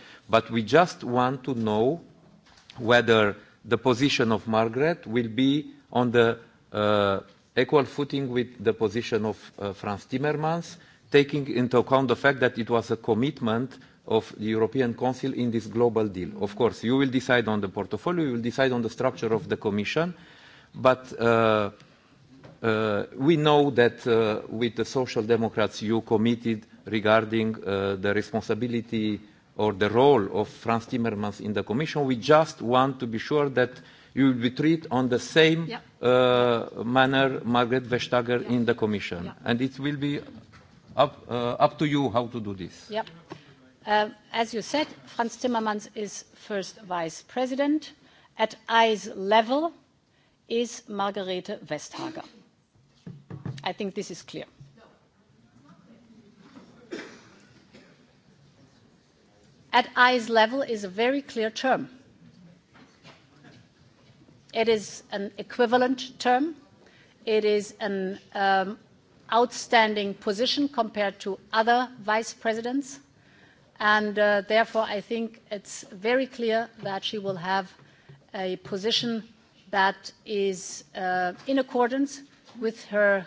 But we just want to know whether the position of Margaret will be on the uh, equal footing with the position of uh, Franz Timmermans, taking into account the fact that it was a commitment of the European Council in this global deal. Of course, you will decide on the portfolio, you will decide on the structure of the Commission, but uh, uh, we know that uh, with the Social Democrats you committed regarding uh, the responsibility or the role of Franz Timmermans in the Commission. We just want to be sure that you will be treated on the same yeah. uh, manner Margaret Vestager yeah. in the Commission. Yeah. And it will be up, uh, up to you how to do this. Yeah. Uh, as you said, Franz Timmermans is first vice president. At eyes level is Margarete Vestager. I think this is clear. at eyes level is a very clear term. It is an equivalent term. It is an um, outstanding position compared to other vice presidents. And uh, therefore, I think it's very clear that she will have a position that is uh, in accordance with her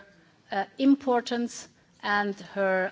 uh, importance and her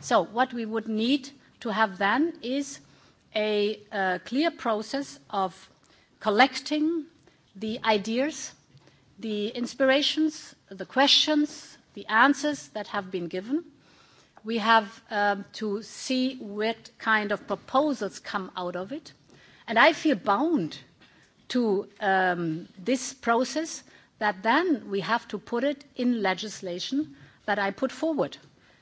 So what we would need to have then is a clear process of collecting the ideas, the inspirations, the questions, the answers that have been given. We have to see what kind of proposals come out of it. And I feel bound to this process that then we have to put it in legislation that I put forward.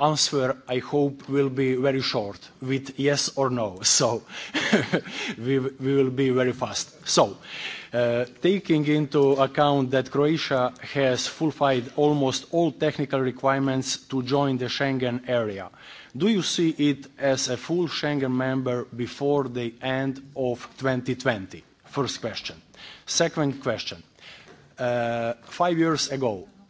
answer, I hope, will be very short with yes or no. So we will be very fast. So taking into account that Croatia has fulfilled almost all technical requirements to join the Schengen area, do you see it as a full Schengen member before the end of 2020? First question. Second question. Five years ago,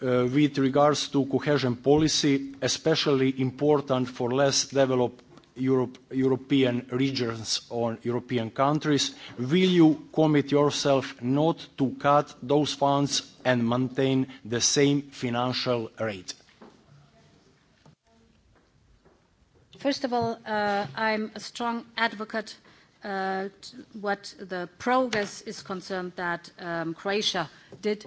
with regards to cohesion policy, especially important for less developed European regions or European countries. Will you commit yourself not to cut those funds and maintain the same financial rate? First of all, I'm a strong advocate what the progress is concerned that Croatia did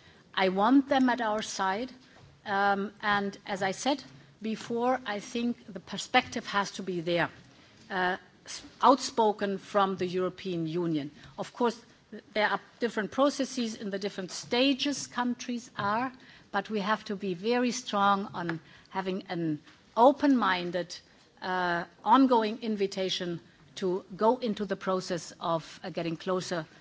I want them at our side. Um, and as I said before, I think the perspective has to be there, uh, outspoken from the European Union. Of course, there are different processes in the different stages countries are, but we have to be very strong on having an open-minded, uh, ongoing invitation to go into the process of getting closer –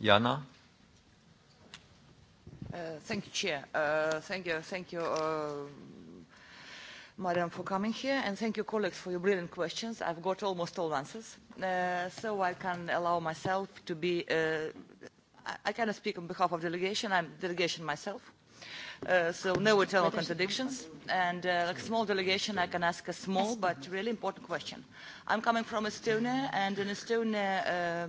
Jana? Thank you, Chair. Thank you, thank you, Madam, for coming here, and thank you, colleagues, for your brilliant questions. I've got almost all answers, Uh so I can allow myself to be... uh I I cannot speak on behalf of delegation. I'm delegation myself, Uh so no eternal contradictions. And uh like a small delegation, I can ask a small but really important question. I'm coming from Estonia, and in Estonia, uh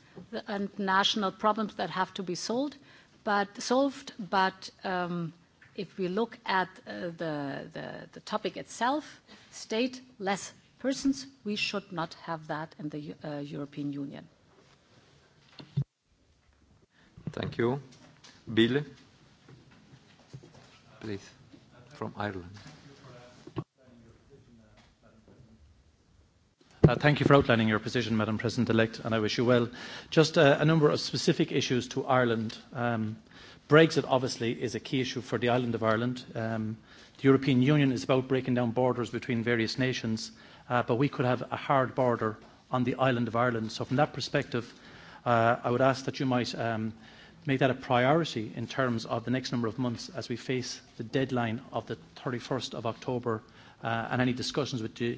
and national problems that have to be solved, but solved. But um, if we look at uh, the, the the topic itself, state less persons, we should not have that in the uh, European Union. Thank you, Bill. Please, from Ireland. Thank you for outlining your position, Madam President-elect, and I wish you well. Just a number of specific issues to Ireland. Brexit, obviously, is a key issue for the island of Ireland. The European Union is about breaking down borders between various nations, but we could have a hard border on the island of Ireland. So from that perspective, I would ask that you might make that a priority in terms of the next number of months as we face the deadline of the 31st of October and any discussions with the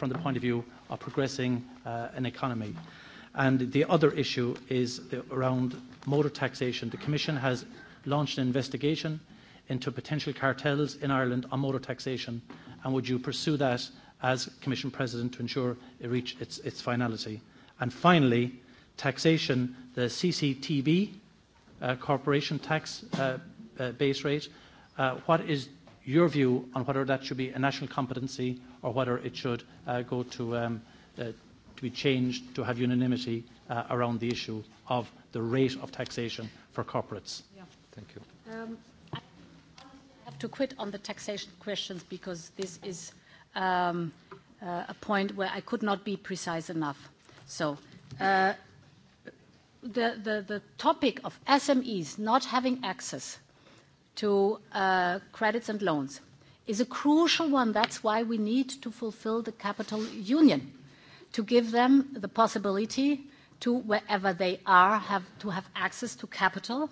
from the point of view of progressing uh, an economy. And the other issue is the, around motor taxation. The Commission has launched an investigation into potential cartels in Ireland on motor taxation, and would you pursue that as Commission President to ensure it reach its, its finality? And finally, taxation, the CCTB uh, corporation tax uh, uh, base rate. Uh, what is your view on whether that should be a national competency or whether it should uh, go to, um, uh, to be changed to have unanimity uh, around the issue of the rate of taxation for corporates. Yeah. Thank you. Um, I have to quit on the taxation questions because this is um, uh, a point where I could not be precise enough. So. Uh, the, the, the topic of SMEs not having access to uh, credits and loans is a crucial one. That's why we need to fulfill the capital union, to give them the possibility to, wherever they are, have, to have access to capital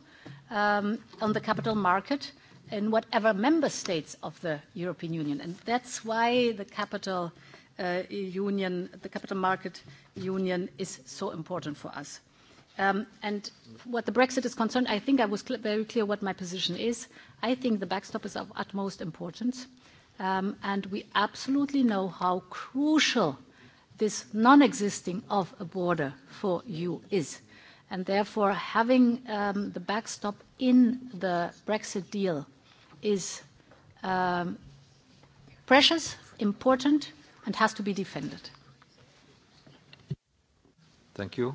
um, on the capital market in whatever member states of the European Union. And that's why the capital uh, union, the capital market union is so important for us and what the Brexit is concerned, I think I was very clear what my position is. I think the backstop is of utmost importance, um, and we absolutely know how crucial this non-existing of a border for you is. And therefore, having um, the backstop in the Brexit deal is um, precious, important, and has to be defended. Thank you.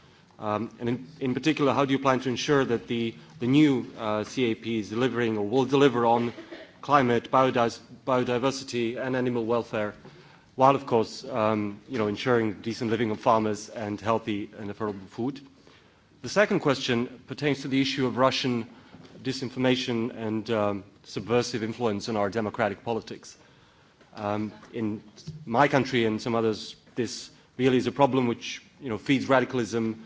and in, in particular, how do you plan to ensure that the, the new uh, CAP is delivering or will deliver on climate, biodiversity, and animal welfare, while, of course, um, you know, ensuring decent living of farmers and healthy and affordable food? The second question pertains to the issue of Russian disinformation and um, subversive influence on our democratic politics. Um, in my country and some others, this really is a problem which you know, feeds radicalism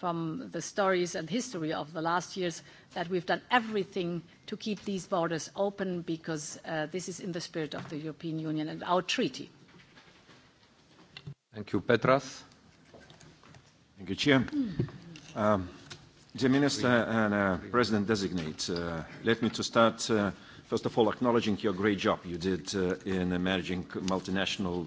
from the stories and history of the last years that we've done everything to keep these borders open because uh, this is in the spirit of the European Union and our treaty. Thank you, Petras. Thank you, Chair. Dear Minister and uh, President-designate, uh, let me to start, uh, first of all, acknowledging your great job you did uh, in managing multinational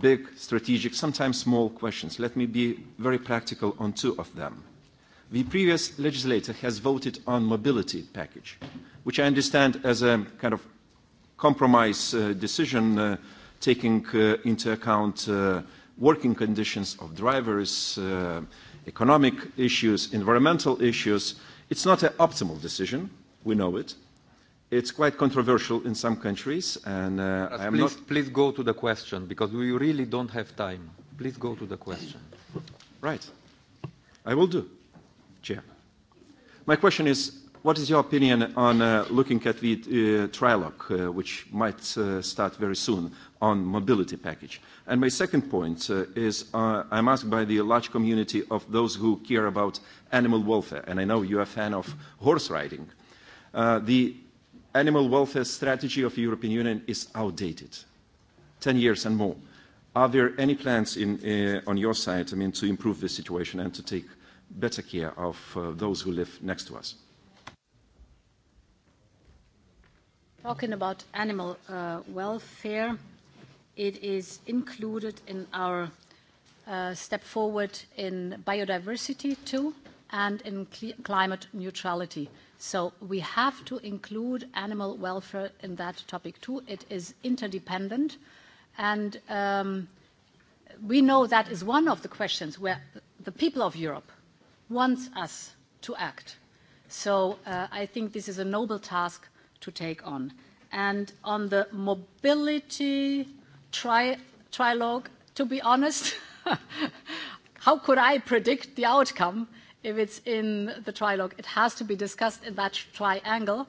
big, strategic, sometimes small questions. Let me be very practical on two of them. The previous legislator has voted on mobility package, which I understand as a kind of compromise uh, decision uh, taking uh, into account uh, working conditions of drivers, uh, economic issues, environmental issues. It's not an optimal decision, we know it, It's quite controversial in some countries, and uh, I am please, not... Please go to the question, because we really don't have time. Please go to the question. Right. I will do, Chair. My question is, what is your opinion on uh, looking at the uh, trilogue, uh, which might uh, start very soon, on mobility package? And my second point uh, is, uh, I'm asked by the large community of those who care about animal welfare, and I know you're a fan of horse riding. Uh, the animal welfare strategy of the European Union is outdated. Ten years and more. Are there any plans in, uh, on your side, I mean, to improve the situation and to take better care of uh, those who live next to us? Talking about animal uh, welfare, it is included in our uh, step forward in biodiversity too and in cl climate neutrality. So we have to include animal welfare in that topic too. It is interdependent. And um, we know that is one of the questions where the people of Europe wants us to act. So uh, I think this is a noble task to take on. And on the mobility tri- trilogue, to be honest, how could I predict the outcome? if it's in the trilogue, it has to be discussed in that triangle.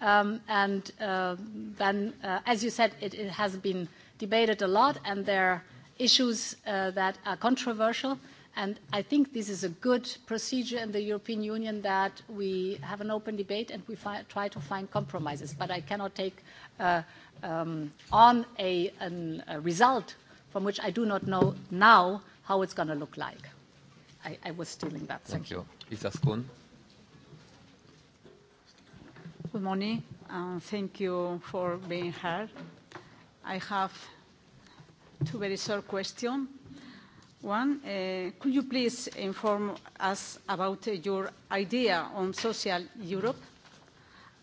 Um, and uh, then, uh, as you said, it, it has been debated a lot, and there are issues uh, that are controversial. And I think this is a good procedure in the European Union that we have an open debate and we fi- try to find compromises. But I cannot take uh, um, on a, an, a result from which I do not know now how it's going to look like. I was stealing that. Thank you. Lisa Skoon. Good morning, and thank you for being here. I have two very short questions. One, uh could you please inform us about your idea on social Europe?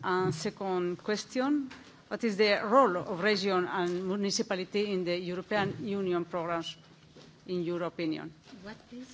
And second question, what is the role of region and municipality in the European Union programs, in your opinion? What, please?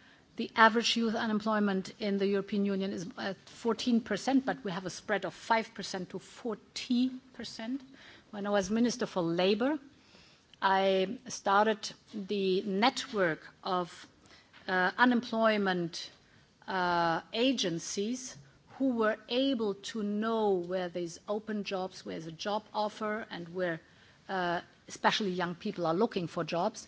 The average youth unemployment in the European Union is at 14%, but we have a spread of 5% to 40%. When I was Minister for Labour, I started the network of unemployment agencies who were able to know where there's open jobs, where there's a job offer, and where especially young people are looking for jobs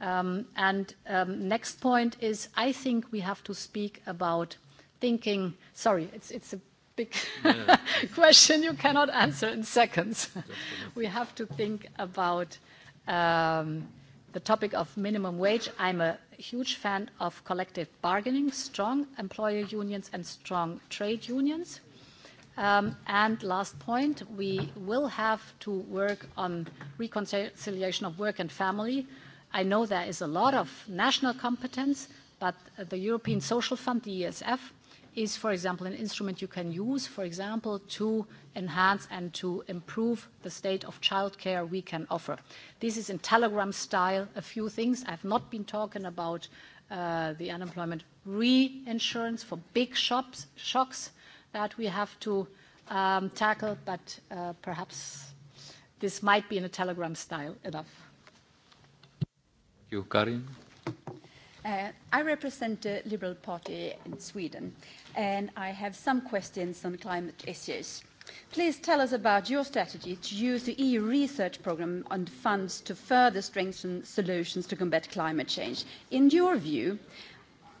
and next point is, I think we have to speak about thinking. Sorry, it's it's a big question you cannot answer in seconds. we have to think about um, the topic of minimum wage. I'm a huge fan of collective bargaining, strong employer unions and strong trade unions. Um, and last point, we will have to work on reconciliation of work and family I know there is a lot of national competence, but the European Social Fund, the ESF, is, for example, an instrument you can use, for example, to enhance and to improve the state of childcare we can offer. This is in telegram style, a few things. I've not been talking about uh, the unemployment reinsurance for big shops, shocks that we have to um, tackle, but uh, perhaps this might be in a telegram style enough you, Karin. Uh, I represent the Liberal Party in Sweden, and I have some questions on climate issues. Please tell us about your strategy to use the EU research program and funds to further strengthen solutions to combat climate change. In your view,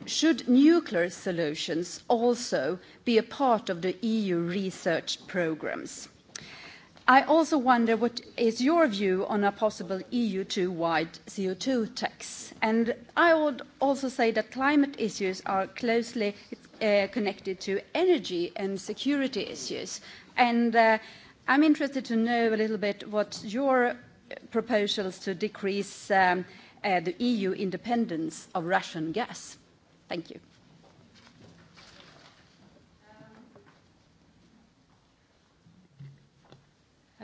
should nuclear solutions also be a part of the EU research programmes? I also wonder what is your view on a possible EU-wide CO2 effects. And I would also say that climate issues are closely uh, connected to energy and security issues. And uh, I'm interested to know a little bit what your proposals to decrease um, uh, the EU independence of Russian gas. Thank you.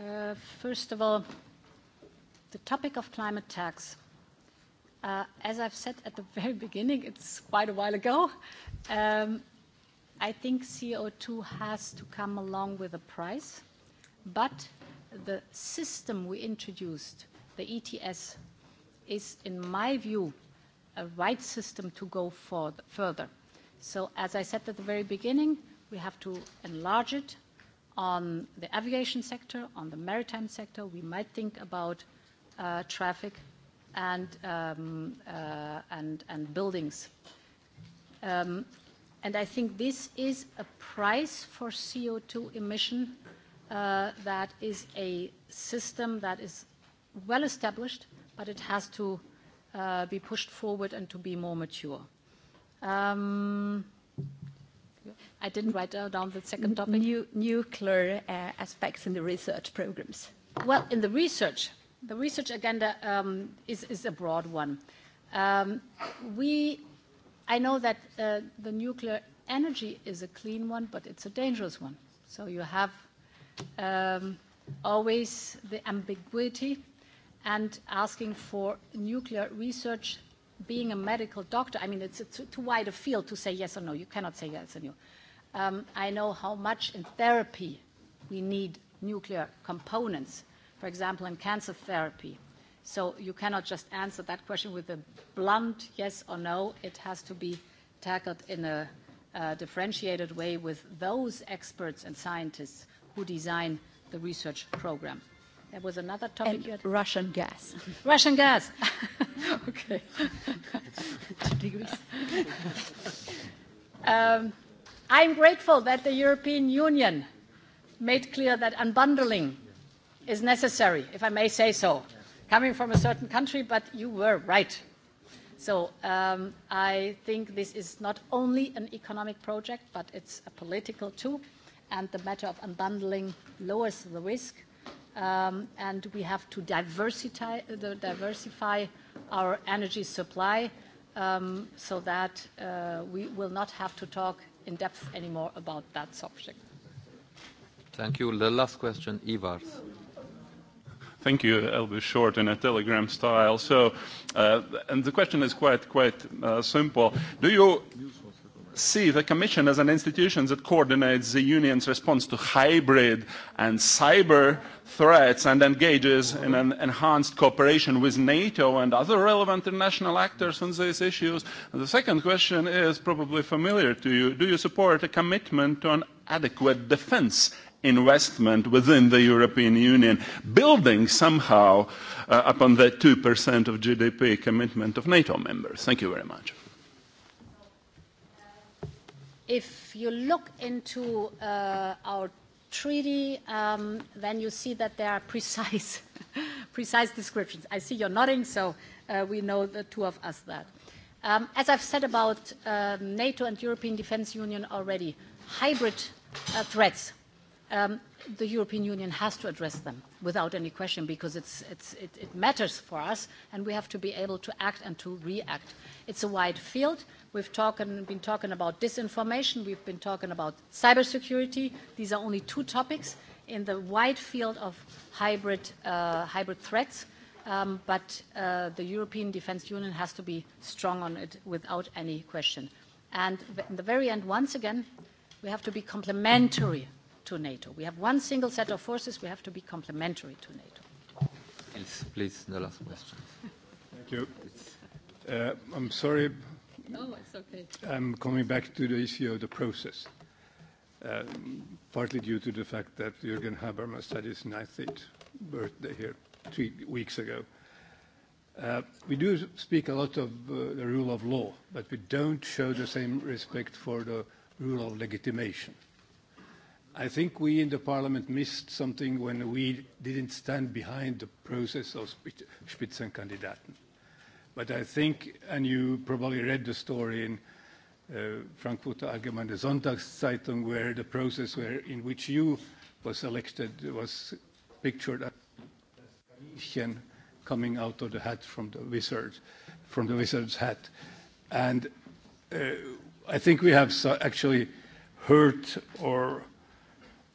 Uh, first of all, the topic of climate tax Uh, as I've said at the very beginning, it's quite a while ago, um, I think CO2 has to come along with a price, but the system we introduced, the ETS, is, in my view, a right system to go for further. So as I said at the very beginning, we have to enlarge it on the aviation sector, on the maritime sector. We might think about uh, traffic and, um, uh, and, and buildings. Um, and I think this is a price for CO2 emission uh, that is a system that is well established, but it has to uh, be pushed forward and to be more mature. Um, I didn't write down the second topic. New, nuclear uh, aspects in the research programs. Well, in the research, The research agenda um, is, is a broad one. Um, we, I know that uh, the nuclear energy is a clean one, but it's a dangerous one. So you have um, always the ambiguity and asking for nuclear research being a medical doctor, I mean, it's too, too wide a field to say yes or no. You cannot say yes or no. Um, I know how much in therapy we need nuclear components for example, in cancer therapy. So you cannot just answer that question with a blunt yes or no. It has to be tackled in a uh, differentiated way with those experts and scientists who design the research program. There was another topic and you had? Russian gas. Russian gas. okay. um, I'm grateful that the European Union made clear that unbundling – is necessary, if I may say so, coming from a certain country, but you were right. So um, I think this is not only an economic project, but it's a political too. And the matter of unbundling lowers the risk. Um, and we have to diversify, diversify our energy supply um, so that uh, we will not have to talk in depth anymore about that subject. Thank you. The last question, Ivars. Thank you, Elvis Short, in a telegram style. So, uh, and the question is quite quite uh, simple. Do you see the Commission as an institution that coordinates the Union's response to hybrid and cyber threats and engages in an enhanced cooperation with NATO and other relevant international actors on these issues? And the second question is probably familiar to you. Do you support a commitment to an adequate defense investment within the European Union, building somehow uh, upon the 2% of GDP commitment of NATO members. Thank you very much. If you look into uh, our treaty, um, then you see that there are precise, precise descriptions. I see you're nodding, so uh, we know the two of us that. Um, as I've said about uh, NATO and European Defence Union already, hybrid uh, threats the European Union has to address them without any question because it's, it's, it, it matters for us and we have to be able to act and to react. It's a wide field. We've talking, been talking about disinformation. We've been talking about cybersecurity. These are only two topics in the wide field of hybrid, uh, hybrid threats. Um, but uh, the European Defence Union has to be strong on it without any question. And in the very end, once again, we have to be complementary to NATO. We have one single set of forces. We have to be complementary to NATO. Yes, please, the last question. Thank you. Uh, I'm sorry. No, it's okay. I'm coming back to the issue of the process, uh, partly due to the fact that Jürgen Habermas had his 9 th birthday here three weeks ago. Uh, we do speak a lot of uh, the rule of law, but we don't show the same respect for the rule of legitimation. I think we in the parliament missed something when we didn't stand behind the process of Spitzenkandidaten. But I think, and you probably read the story in uh, Frankfurter Allgemeine Sonntagszeitung, where the process where, in which you was elected was pictured as a coming out of the hat from the wizard, from the wizard's hat. And uh, I think we have so actually hurt or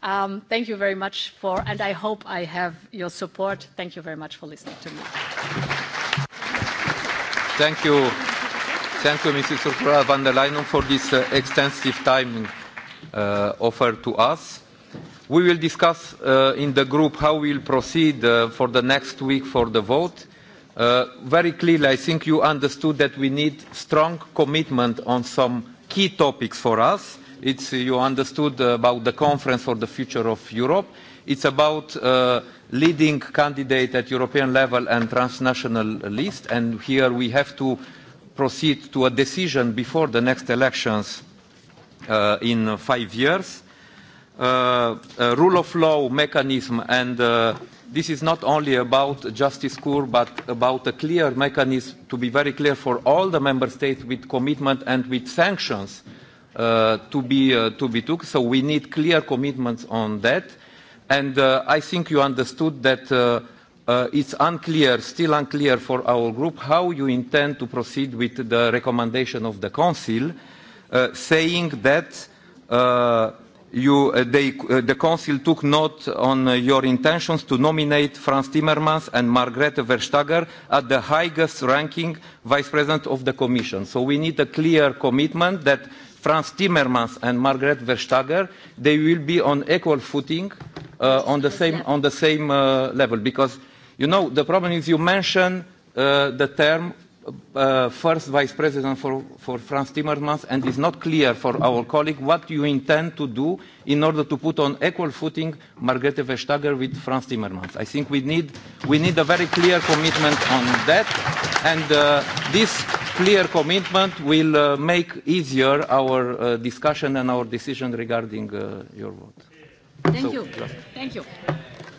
Um, thank you very much for, and I hope I have your support. Thank you very much for listening to me. Thank you. Thank you, Mrs. Ursula van der Leyen, for this extensive time offered to us. We will discuss in the group how we will proceed for the next week for the vote. very clearly, I think you understood that we need strong commitment on some key topics for us It's, you understood about the conference for the future of Europe. It's about uh, leading candidate at European level and transnational list. And here we have to proceed to a decision before the next elections uh, in five years. Uh, uh, rule of law mechanism and uh, this is not only about justice core but about a clear mechanism to be very clear for all the member states with commitment and with sanctions uh, uh, to, be, uh, to be took. So we need clear commitments on that. And uh, I think you understood that uh, uh, it's unclear, still unclear for our group, how you intend to proceed with the recommendation of the Council, uh, saying that uh, you, uh, they, uh, the Council took note on uh, your intentions to nominate Franz Timmermans and Margrethe Verstager at the highest ranking Vice President of the Commission. So we need a clear commitment that Franz Timmermans and Margaret Verstager, they will be on equal footing uh, on the same, on the same uh, level. Because, you know, the problem is you mentioned uh, the term uh, first Vice President for, for Franz Timmermans, and it's not clear for our colleague what you intend to do in order to put on equal footing Margrethe Vestager with Franz Timmermans. I think we need, we need a very clear commitment on that, and uh, this clear commitment will uh, make easier our uh, discussion and our decision regarding uh, your vote. Thank so, you. Just. Thank you.